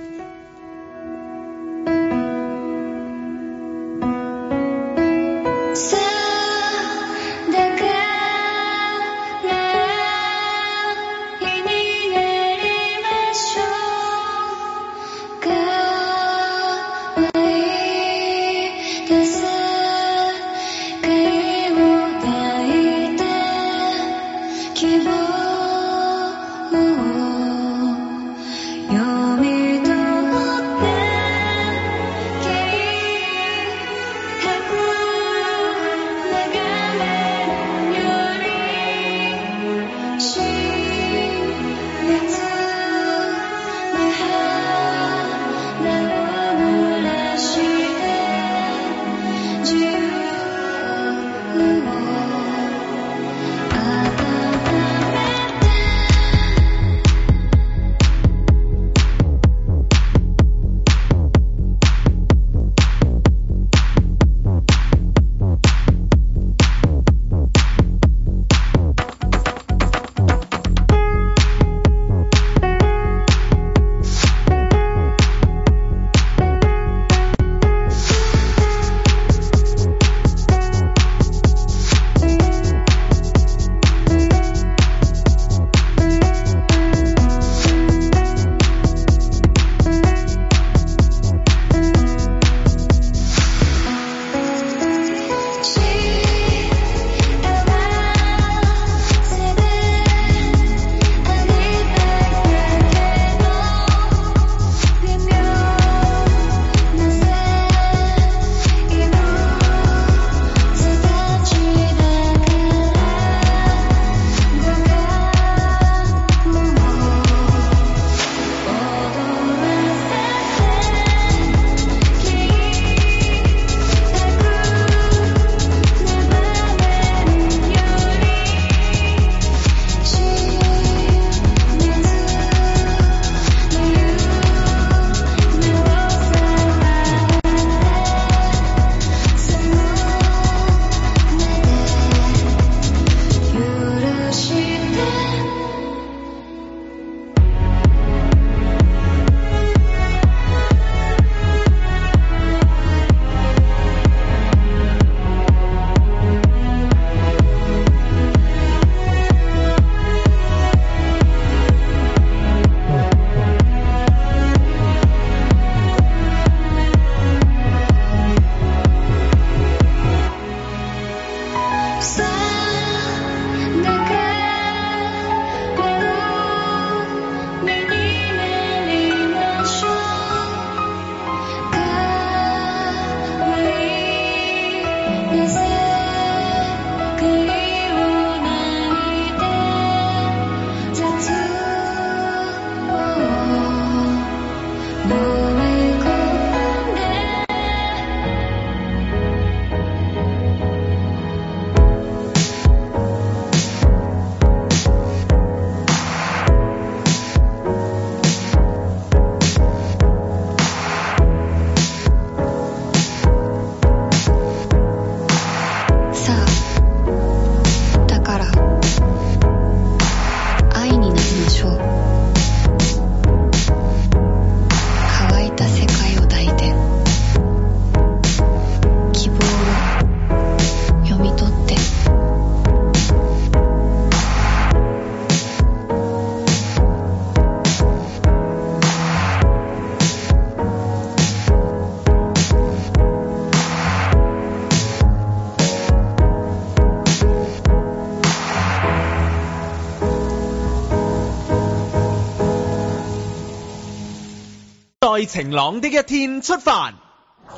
晴朗的一天，出發。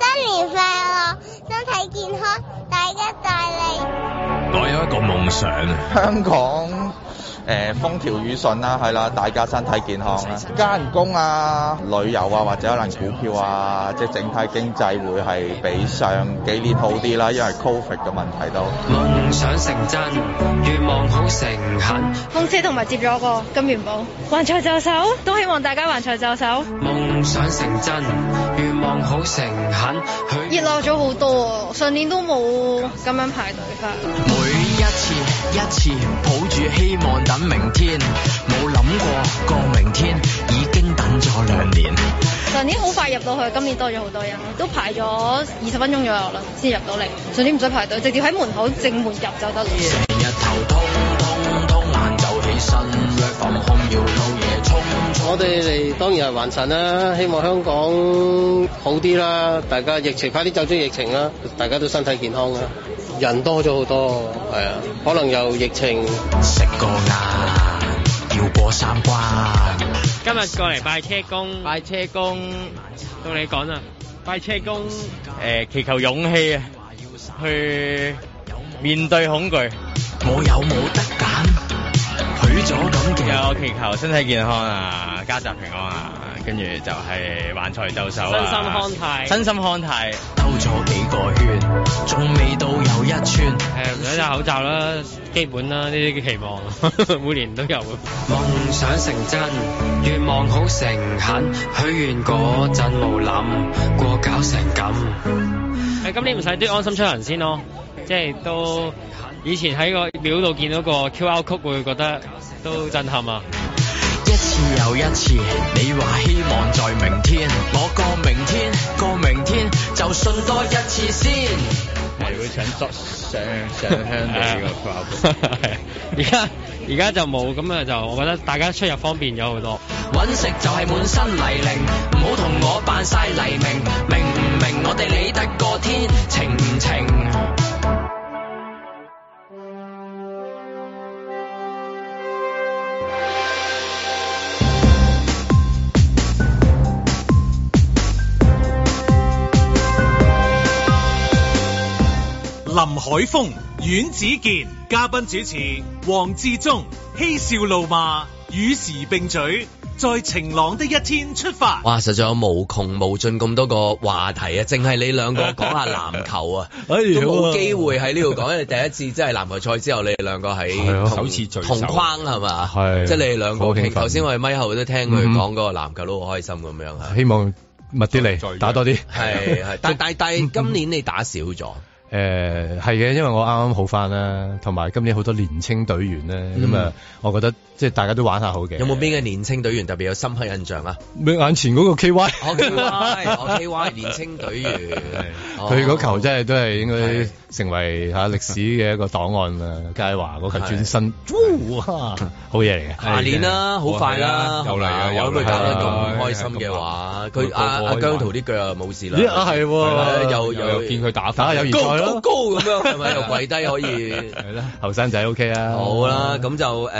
新年快樂，身體健康，大吉大利。我有一個夢想， [LAUGHS] 香港。誒風調雨順啦，係啦，大家身體健康啦，加人工啊、旅遊啊，或者可能股票啊，即係整體經濟會係比上幾年好啲啦，因為 Covid 嘅問題都。夢想成真，願望好誠懇，風車同埋接咗個金元寶，今年還財就手，都希望大家還財就手。夢想成真，願望好誠懇，佢。熱鬧咗好多，上年都冇咁樣排隊嘅。 [LAUGHS] 一次抱住希望等明天，冇諗過個明天已經等咗兩年。上年好快入到去，今年多咗好多人，都排咗二十分鐘左右啦，先入到嚟。上年唔使排隊，直接喺門口正門入就得。成日頭痛，痛，痛就起身，要我哋嚟當然係還神啦，希望香港好啲啦，大家疫情快啲走出疫情啦，大家都身體健康啦。人多咗好多，係啊，可能又疫情。食過晏，要過三關。今日過嚟拜車公，拜車公，同你講啦，拜車公，誒，祈求勇氣啊，去面對恐懼。我有冇得揀？許咗咁嘅。有我祈求身體健康啊，家宅平安啊。跟住就係玩財鬥手身心康泰，身心康泰，兜咗幾個圈，仲未到有一圈。誒、嗯，唔使、呃、戴口罩啦，基本啦，呢啲期望呵呵每年都有。夢想成真，願望好誠懇，許願嗰陣無諗過搞成咁。誒、呃，今年唔使啲安心出行先咯，嗯、即係都恨以前喺個表度見到個 QR 曲會覺得都震撼啊！一次又一次，你話希望在明天，我過明天過明天就信多一次先。係會想捉上上香嘅呢個服務。係， [MUSIC] 而家而家就冇，咁啊，就我覺得大家出入方便咗好多。搵食就係滿身泥濘，唔好同我扮晒黎明，明唔明？我哋理得個天晴唔晴。林海峰、阮子健嘉賓主持，黃志忠嬉笑怒罵，與時並舉，在晴朗的一天出發。哇，實在有無窮無盡咁多個話題啊！淨係你兩個講下籃球啊，都冇機會喺呢度講。因為第一次即係籃球賽之後，你哋兩個喺首次聚同框係嘛？係，即係你哋兩個頭先我哋咪後都聽佢講嗰個籃球都好開心咁樣啊！希望密啲嚟打多啲，係係，但但但今年你打少咗。誒，係嘅、呃，因為我啱啱好返啦，同埋今年好多年青隊員咧，咁啊、嗯嗯，我覺得即係大家都玩下好嘅。有冇邊個年青隊員特別有深刻印象啊？你眼前嗰個 K Y，我 K Y，我 K Y 年青隊員，佢嗰球真係都係應該、oh。成為嚇歷史嘅一個檔案啦！佳華嗰個轉身，好嘢嚟！下年啦，好快啦，又嚟有又打得咁開心嘅話，佢阿阿姜濤啲腳冇事啦，啊係喎，又又見佢打翻有好高咁樣係咪又跪低可以？係啦，後生仔 OK 啊，好啦，咁就誒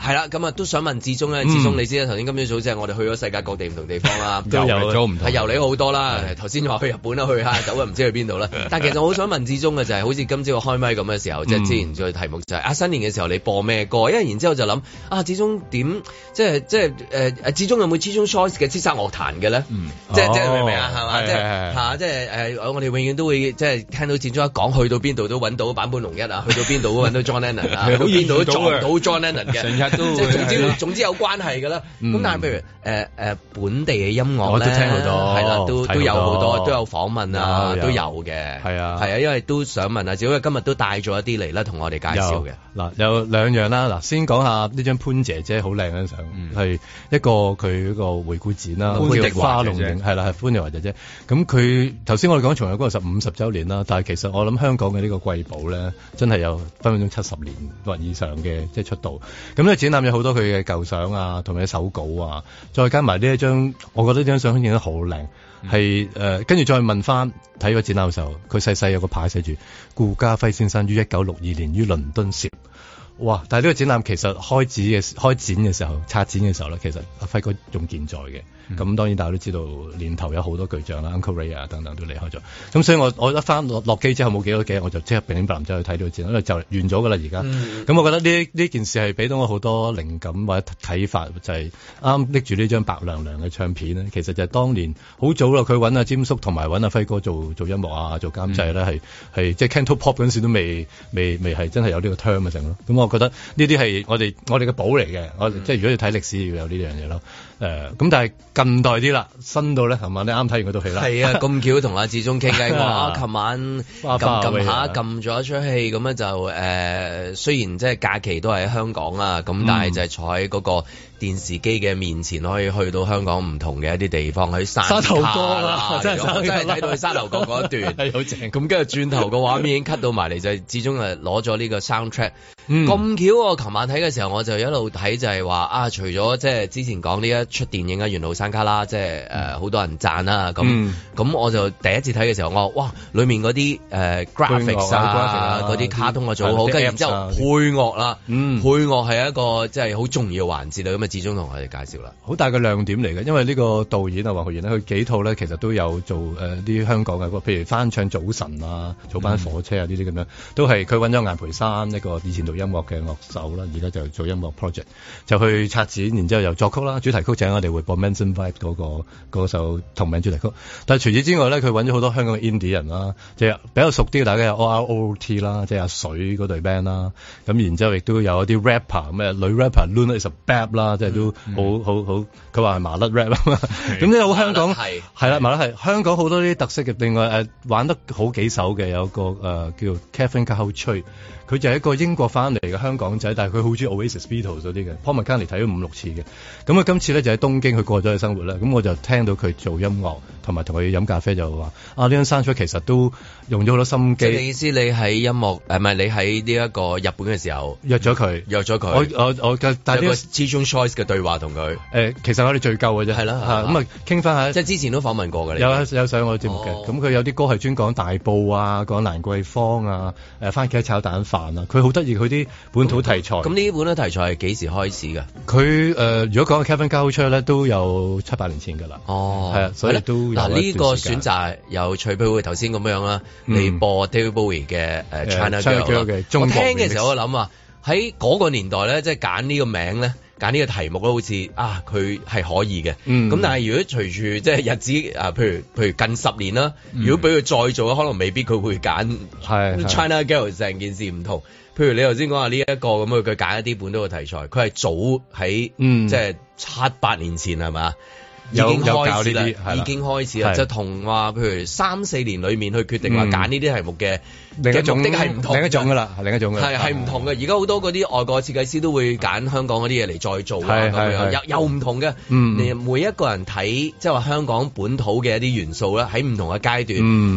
係啦，咁啊都想問志忠咧，志忠你知啦，頭先今朝早即係我哋去咗世界各地唔同地方啦，又嚟咗唔同，係遊你好多啦，頭先話去日本啦，去嚇走啊，唔知去邊度啦，但其實我好想問志忠。就係好似今朝我開麥咁嘅時候，即係之前嘅題目就係啊新年嘅時候你播咩歌？因為然之後就諗啊，始終點即係即係誒，始終有冇始終 choice 嘅資生樂壇嘅呢？即係即係明唔明啊？係嘛？即係即係我哋永遠都會即係聽到始終一講，去到邊度都揾到坂本龍一啊，去到邊度都揾到 John Lennon 啊，去到邊度都撞到 John Lennon 嘅，即係總之總之有關係㗎啦。咁但係譬如本地嘅音樂咧，我都聽好多，係啦，都都有好多都有訪問啊，都有嘅，係啊，係啊，因為都。都想問啊，只因為今日都帶咗一啲嚟啦，同我哋介紹嘅。嗱，有兩樣啦，嗱，先講下呢張潘姐姐好靚嘅相，係、嗯、一個佢嗰個回顧展啦，花龍影，係啦，係潘迪華姐姐。咁佢頭先我哋講重慶歌壇五十周年啦，但係其實我諗香港嘅呢個瑰寶咧，真係有分分鐘七十年或以上嘅即係出道。咁呢個展覽有好多佢嘅舊相啊，同埋手稿啊，再加埋呢一張，我覺得呢張相影得很好靚。係誒、呃，跟住再問翻睇個展覽嘅時候，佢細細有個牌寫住顧嘉輝先生於一九六二年於倫敦辭。哇！但係呢個展覽其實開始嘅開展嘅時候、拆展嘅時候咧，其實阿、啊、輝哥仲健在嘅。咁、嗯、當然，大家都知道年頭有好多巨象啦，嗯、Uncle Ray 啊等等都離開咗。咁所以我我一返落落機之後冇幾多幾日，我就即刻俾啲白藍去睇到展，因為就完咗㗎喇而家。咁、嗯嗯、我覺得呢呢件事係俾到我好多靈感或者睇法，就係啱拎住呢張白娘娘嘅唱片咧。其實就係當年好早咯，佢揾阿詹叔同埋揾阿輝哥做做音樂啊，做監製咧，係係即、嗯、係、就係、Cantopop 嗰陣時都未未未係真係有呢個 term 嘅成咯。咁我覺得呢啲係我哋我哋嘅寶嚟嘅，我、嗯、即係如果要睇歷史，要有呢樣嘢咯。誒，咁、呃、但係近代啲啦，新到咧。琴晚咧啱睇完嗰套戲啦。係啊，咁 [LAUGHS] 巧同阿志忠傾偈，我琴 [LAUGHS] 晚撳撳 [LAUGHS] 下撳咗 [LAUGHS] 一出戲咁樣就。就、呃、誒，雖然即係假期都喺香港啦，咁但係就係坐喺嗰、嗰個。電視機嘅面前可以去到香港唔同嘅一啲地方，喺沙頭角啦，真係，真係睇到去沙頭角嗰一段係好正。咁跟住轉頭個畫面已經 cut 到埋嚟，就係始終係攞咗呢個 soundtrack。咁巧，我琴晚睇嘅時候，我就一路睇就係話啊，除咗即係之前講呢一出電影啊，《猿老山卡拉》，即係誒好多人讚啦。咁咁我就第一次睇嘅時候，我話哇，裡面嗰啲誒 graphics graphics 啊，嗰啲卡通做好，跟住然之後配樂啦，配樂係一個即係好重要環節啦。自從同我哋介紹啦，好大嘅亮點嚟嘅，因為呢個導演啊黃浩然呢，佢幾套咧其實都有做誒啲、呃、香港嘅，譬如翻唱早晨啊、早班火車啊呢啲咁樣，都係佢揾咗顏培山一個以前讀音樂嘅樂手啦、啊，而家就做音樂 project，就去策展，然之後又作曲啦，主題曲就係我哋會播、那個《Men and Vibe》嗰個嗰首同名主題曲。但係除此之外咧，佢揾咗好多香港嘅 indie 人啦，即係比較熟啲嘅，大家有 O R O T 啦，即係阿水嗰隊 band 啦，咁然之後亦都有一啲 rapper 咩女 rapper《Luna Is A Bep》啦。即係都好好好，佢話麻甩 rap 啊嘛，咁即係好香港係係啦，麻甩係香港好多啲特色嘅。另外誒，玩得好幾首嘅有個誒叫 Kevin Caro 吹，佢就係一個英國翻嚟嘅香港仔，但係佢好中意 Oasis Beatles 嗰啲嘅。Paul McCartney 睇咗五六次嘅。咁啊，今次咧就喺東京，佢過咗去生活咧，咁我就聽到佢做音樂，同埋同佢飲咖啡就話：啊，呢間生菜其實都用咗好多心機。即意思你喺音樂係咪？你喺呢一個日本嘅時候約咗佢，約咗佢。我我我嘅，但係呢個之中 s 嘅對話同佢，其實我哋最舊嘅啫，係啦，咁啊傾翻下，即係之前都訪問過嘅，有有上我節目嘅，咁佢有啲歌係專講大埔啊，講蘭桂坊啊，返番茄炒蛋飯啊，佢好得意佢啲本土題材。咁呢啲本土題材係幾時開始㗎？佢如果講 Kevin g o w c h o 咧，都有七八年前㗎啦。哦，係啊，所以都嗱呢個選擇有趣，譬如頭先咁樣啦，嚟播 David Bowie 嘅誒 China Girl 嘅。我聽嘅時候我諗啊，喺嗰個年代咧，即係揀呢個名咧。揀呢個題目都好似啊，佢係可以嘅。咁、嗯、但係如果隨住即係日子啊，譬如譬如近十年啦，嗯、如果俾佢再做可能未必佢會揀。係 China girl 成件事唔同。譬如你頭先講話呢一個咁佢佢揀一啲本土嘅題材，佢係早喺、嗯、即係七八年前係嘛？已經開始已經開始啦，就同話，譬如三四年裏面去決定話揀呢啲題目嘅另一種，係唔同另一種噶啦，另一種嘅，係係唔同嘅。而家好多嗰啲外國設計師都會揀香港嗰啲嘢嚟再做咁樣，又又唔同嘅。每一個人睇即係話香港本土嘅一啲元素啦，喺唔同嘅階段，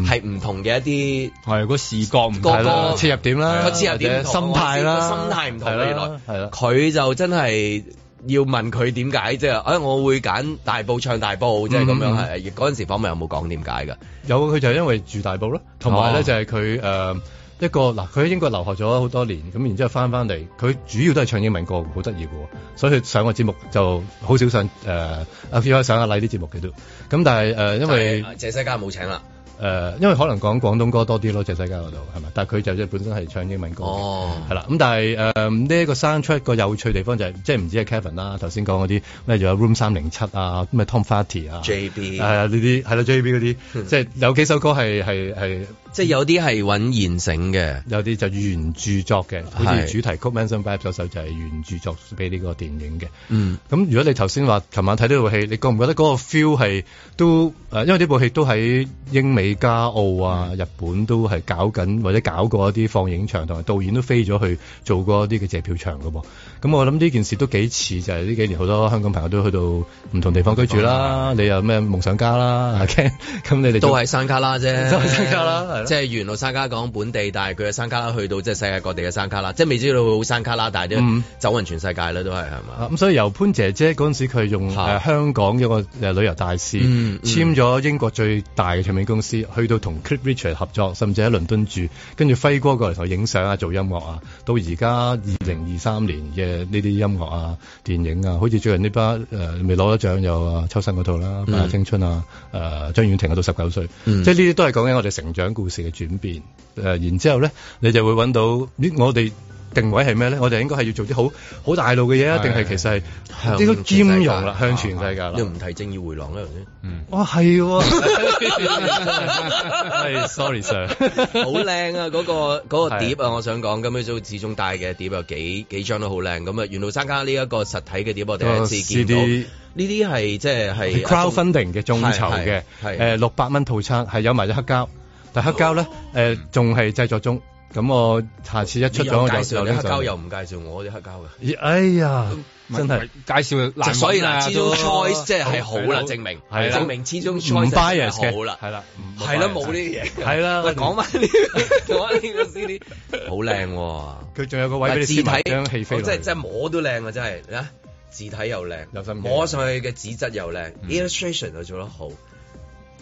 係唔同嘅一啲係個視覺唔同切入點啦，切入點心態啦，心態唔同啦，原來係佢就真係。要問佢點解即係，哎、啊，我會揀大埔唱大埔，即係咁樣係。嗰陣、嗯、時訪問有冇講點解㗎？有，佢就係因為住大埔咯，同埋咧就係佢誒一個嗱，佢喺英國留學咗好多年，咁然之後翻翻嚟，佢主要都係唱英文歌，好得意嘅喎。所以佢上個節目就好少上誒阿菲哥上阿禮啲節目嘅都。咁但係誒、呃，因為謝世佳冇請啦。誒、呃，因為可能講廣東歌多啲咯，鄭世傑嗰度係咪？但係佢就即係本身係唱英文歌，係啦、oh.。咁、嗯、但係誒、呢、呃、一、這個生出一個有趣地方就係、是，即係唔止係 Kevin、啊啊啊 JB. 啊、啦，頭先講嗰啲，咩仲有 Room 三零七啊，咩 Tom Farty 啊，J B，啊呢啲，係啦 J B 嗰啲，即係有幾首歌係係係。即係有啲係揾現成嘅、嗯，有啲就原著作嘅，好似是主題曲《Manson》擺咗手就係原著作俾呢個電影嘅。嗯，咁如果你頭先話琴晚睇呢部戲，你覺唔覺得嗰個 feel 係都誒、呃？因為呢部戲都喺英美加澳啊、嗯、日本都係搞緊，或者搞過一啲放映場，同埋導演都飛咗去做過一啲嘅借票場㗎噃、啊。咁我諗呢件事都幾似，就係、是、呢幾年好多香港朋友都去到唔同地方居住啦。嗯嗯、你有咩夢想家啦？阿 Ken，咁你哋都係山卡拉啫，都係山卡拉。哎呀即係原路山卡講本地，但係佢嘅山卡去到即係世界各地嘅山卡啦，即係未知道會,會好山卡啦，但係都走勻全世界啦，嗯、都係係嘛？咁、啊、所以由潘姐姐嗰陣時，佢用、嗯呃、香港一個旅遊大使、嗯嗯、簽咗英國最大嘅唱片公司，去到同 Cliff Richard 合作，甚至喺倫敦住，跟住輝哥過嚟同影相啊、做音樂啊，到而家二零二三年嘅呢啲音樂啊、電影啊，好似最近呢班誒未攞咗獎有啊秋生嗰套啦《白日、嗯、青春》啊，誒、呃、張婉婷嗰套《十九歲》嗯，即係呢啲都係講緊我哋成長故事。時嘅轉變，誒，然之後咧，你就會揾到，我哋定位係咩咧？我哋應該係要做啲好好大路嘅嘢啊，定係其實係應該兼容啦，向全世界啦。你唔提正義回廊啦，頭先。哇，係，係，sorry sir，好靚啊！嗰個嗰個碟啊，我想講，咁樣都始終帶嘅碟有幾幾張都好靚。咁啊，袁老參加呢一個實體嘅碟，我第一次見到。呢啲係即係係 crowdfunding 嘅眾籌嘅，誒，六百蚊套餐係有埋啲黑膠，但黑膠咧，誒，仲係製作中，咁我下次一出咗就又咧就。黑膠又唔介紹我啲黑膠嘅。哎呀，真係介紹，所以啦，始終 choice 即係係好啦，證明係啦，證明始終 choice 係好啦，係啦，係啦，冇呢啲嘢，係啦。唔講返呢，講返呢啲，呢啲好靚喎。佢仲有個位俾你貼張戲飛，真係真係摸都靚啊！真係，字體又靚，摸上去嘅紙質又靚 illustration 又做得好。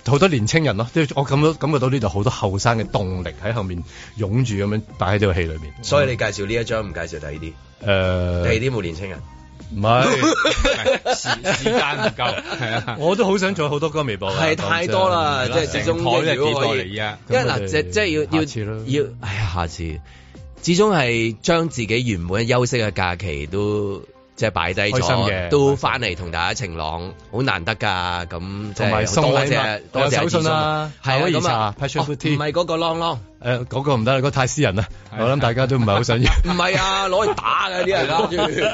好多年青人咯，即係我感到，感覺到呢度好多後生嘅動力喺後面湧住咁樣，擺喺呢個戲裏面。所以你介紹呢一張，唔介紹第二啲？誒，第二啲冇年青人，唔係，時時間唔夠，係啊。我都好想做好多歌微博，係太多啦，即係始終台嚟啊。因為嗱，即係即係要要要，哎呀，下次，始終係將自己原本休息嘅假期都。即係擺低咗，都翻嚟同大家晴朗，好難得㗎，咁同埋有多隻，有手信啦，係啊，咁啊，唔係嗰個朗朗。啊誒，嗰個唔得，嗰太私人啦，我諗大家都唔係好想要。唔係啊，攞去打㗎。啲人啦，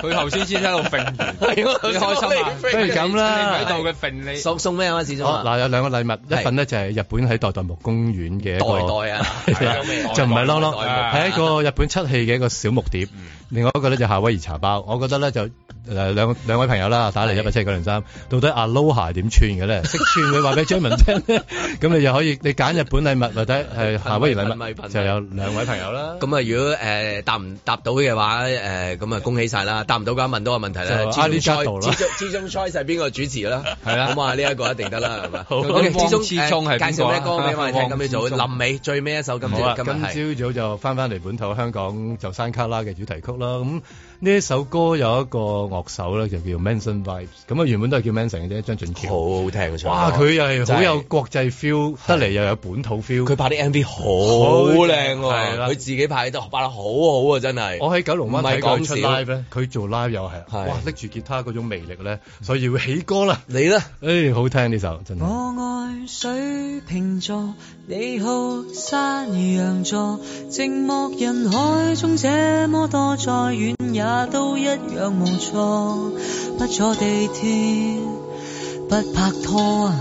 佢頭先先喺度揈，你開心不如咁啦，度嘅你送送咩啊？史總，嗱有兩個禮物，一份呢就係日本喺代代木公園嘅代代啊，就唔係囉囉，係一個日本漆器嘅一個小木碟，另外一個咧就夏威夷茶包，我覺得咧就。兩兩位朋友啦，打嚟一八七九零三，到底 Aloha 點串嘅咧？識串，你話俾 Jimmy 聽咁你就可以你揀日本禮物或者誒，夏威夷禮物就有兩位朋友啦。咁啊，如果誒答唔答到嘅話，誒咁啊，恭喜晒啦！答唔到嘅話問多個問題啦。始終 c h c 始終 h o i c e 係邊個主持啦？係啦。咁啊，呢一個一定得啦，係始終始終係介紹咩歌俾我哋聽？今朝早臨尾最尾一首，今朝今朝早就翻翻嚟本土香港就山卡拉嘅主題曲啦。咁。呢一首歌有一個樂手咧，就叫 Manson Vibes，咁啊原本都係叫 Manson 嘅啫，張俊傑。好好聽嘅，唱哇！佢又係好有、就是、國際 feel，的得嚟又有本土 feel。佢拍啲 MV 好靚，佢、啊、的自己拍得拍得好好啊！真係。我喺九龍灣睇佢出 live 咧，佢做 live 又係，的哇！拎住吉他嗰種魅力咧，所以要起歌啦。你咧吧？誒、哎，好聽呢首真係。我愛水瓶座，你好山羊座，寂寞人海中這麼多在遠有，再遠也。都一樣無錯，不坐地鐵，不拍拖，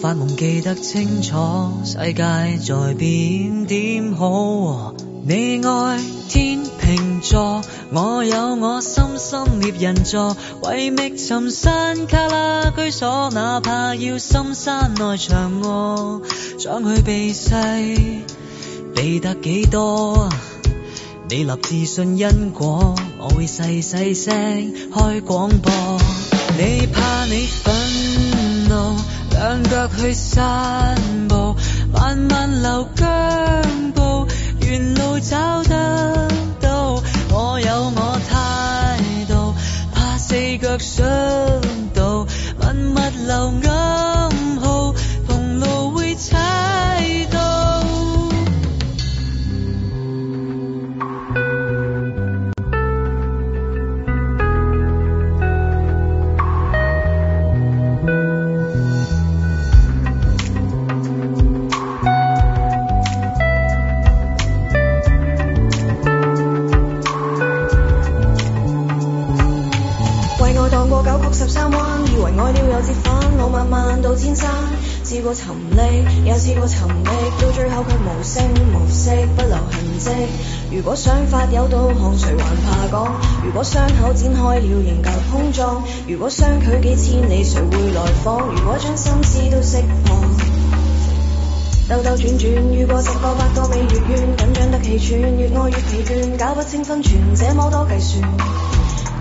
發夢記得清楚。世界在變，點好？你愛天秤座，我有我深深獵人座，為覓尋山卡拉居所，哪怕要深山內長臥，我想去避世，避得幾多？你立自信因果，我會細細聲開廣播。 [MUSIC] 你怕你憤怒，兩腳去散步，慢慢留腳步。沿路找得到。我有我態度，怕四腳傷到，問物流暗號，同路會差。九曲十三彎，以為愛了又折返，路漫漫到千山。試過沉溺，也試過沉溺，到最後卻無聲無息，不留痕迹。如果想法有導航，誰還怕講？如果傷口展開了，仍舊碰撞。如果相距幾千里，誰會來訪？如果將心思都釋放。兜兜轉轉，遇過十個八個美月圓，緊張得氣喘，越愛越疲倦，搞不清分寸，這麼多計算。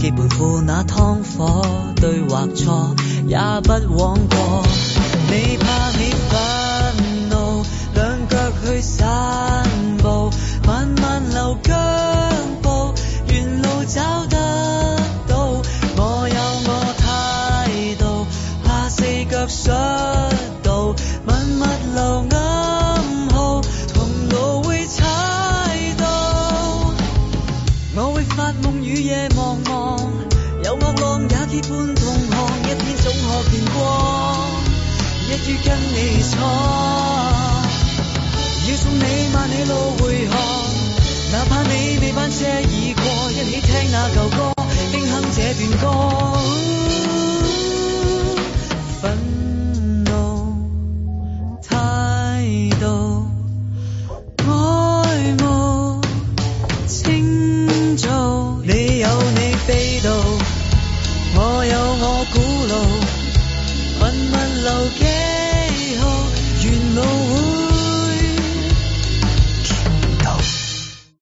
結伴赴那湯火，對或錯也不枉過。你怕你不？要送你萬里路回航，哪怕你未班車已過，一起聽那舊歌，哼哼這段歌。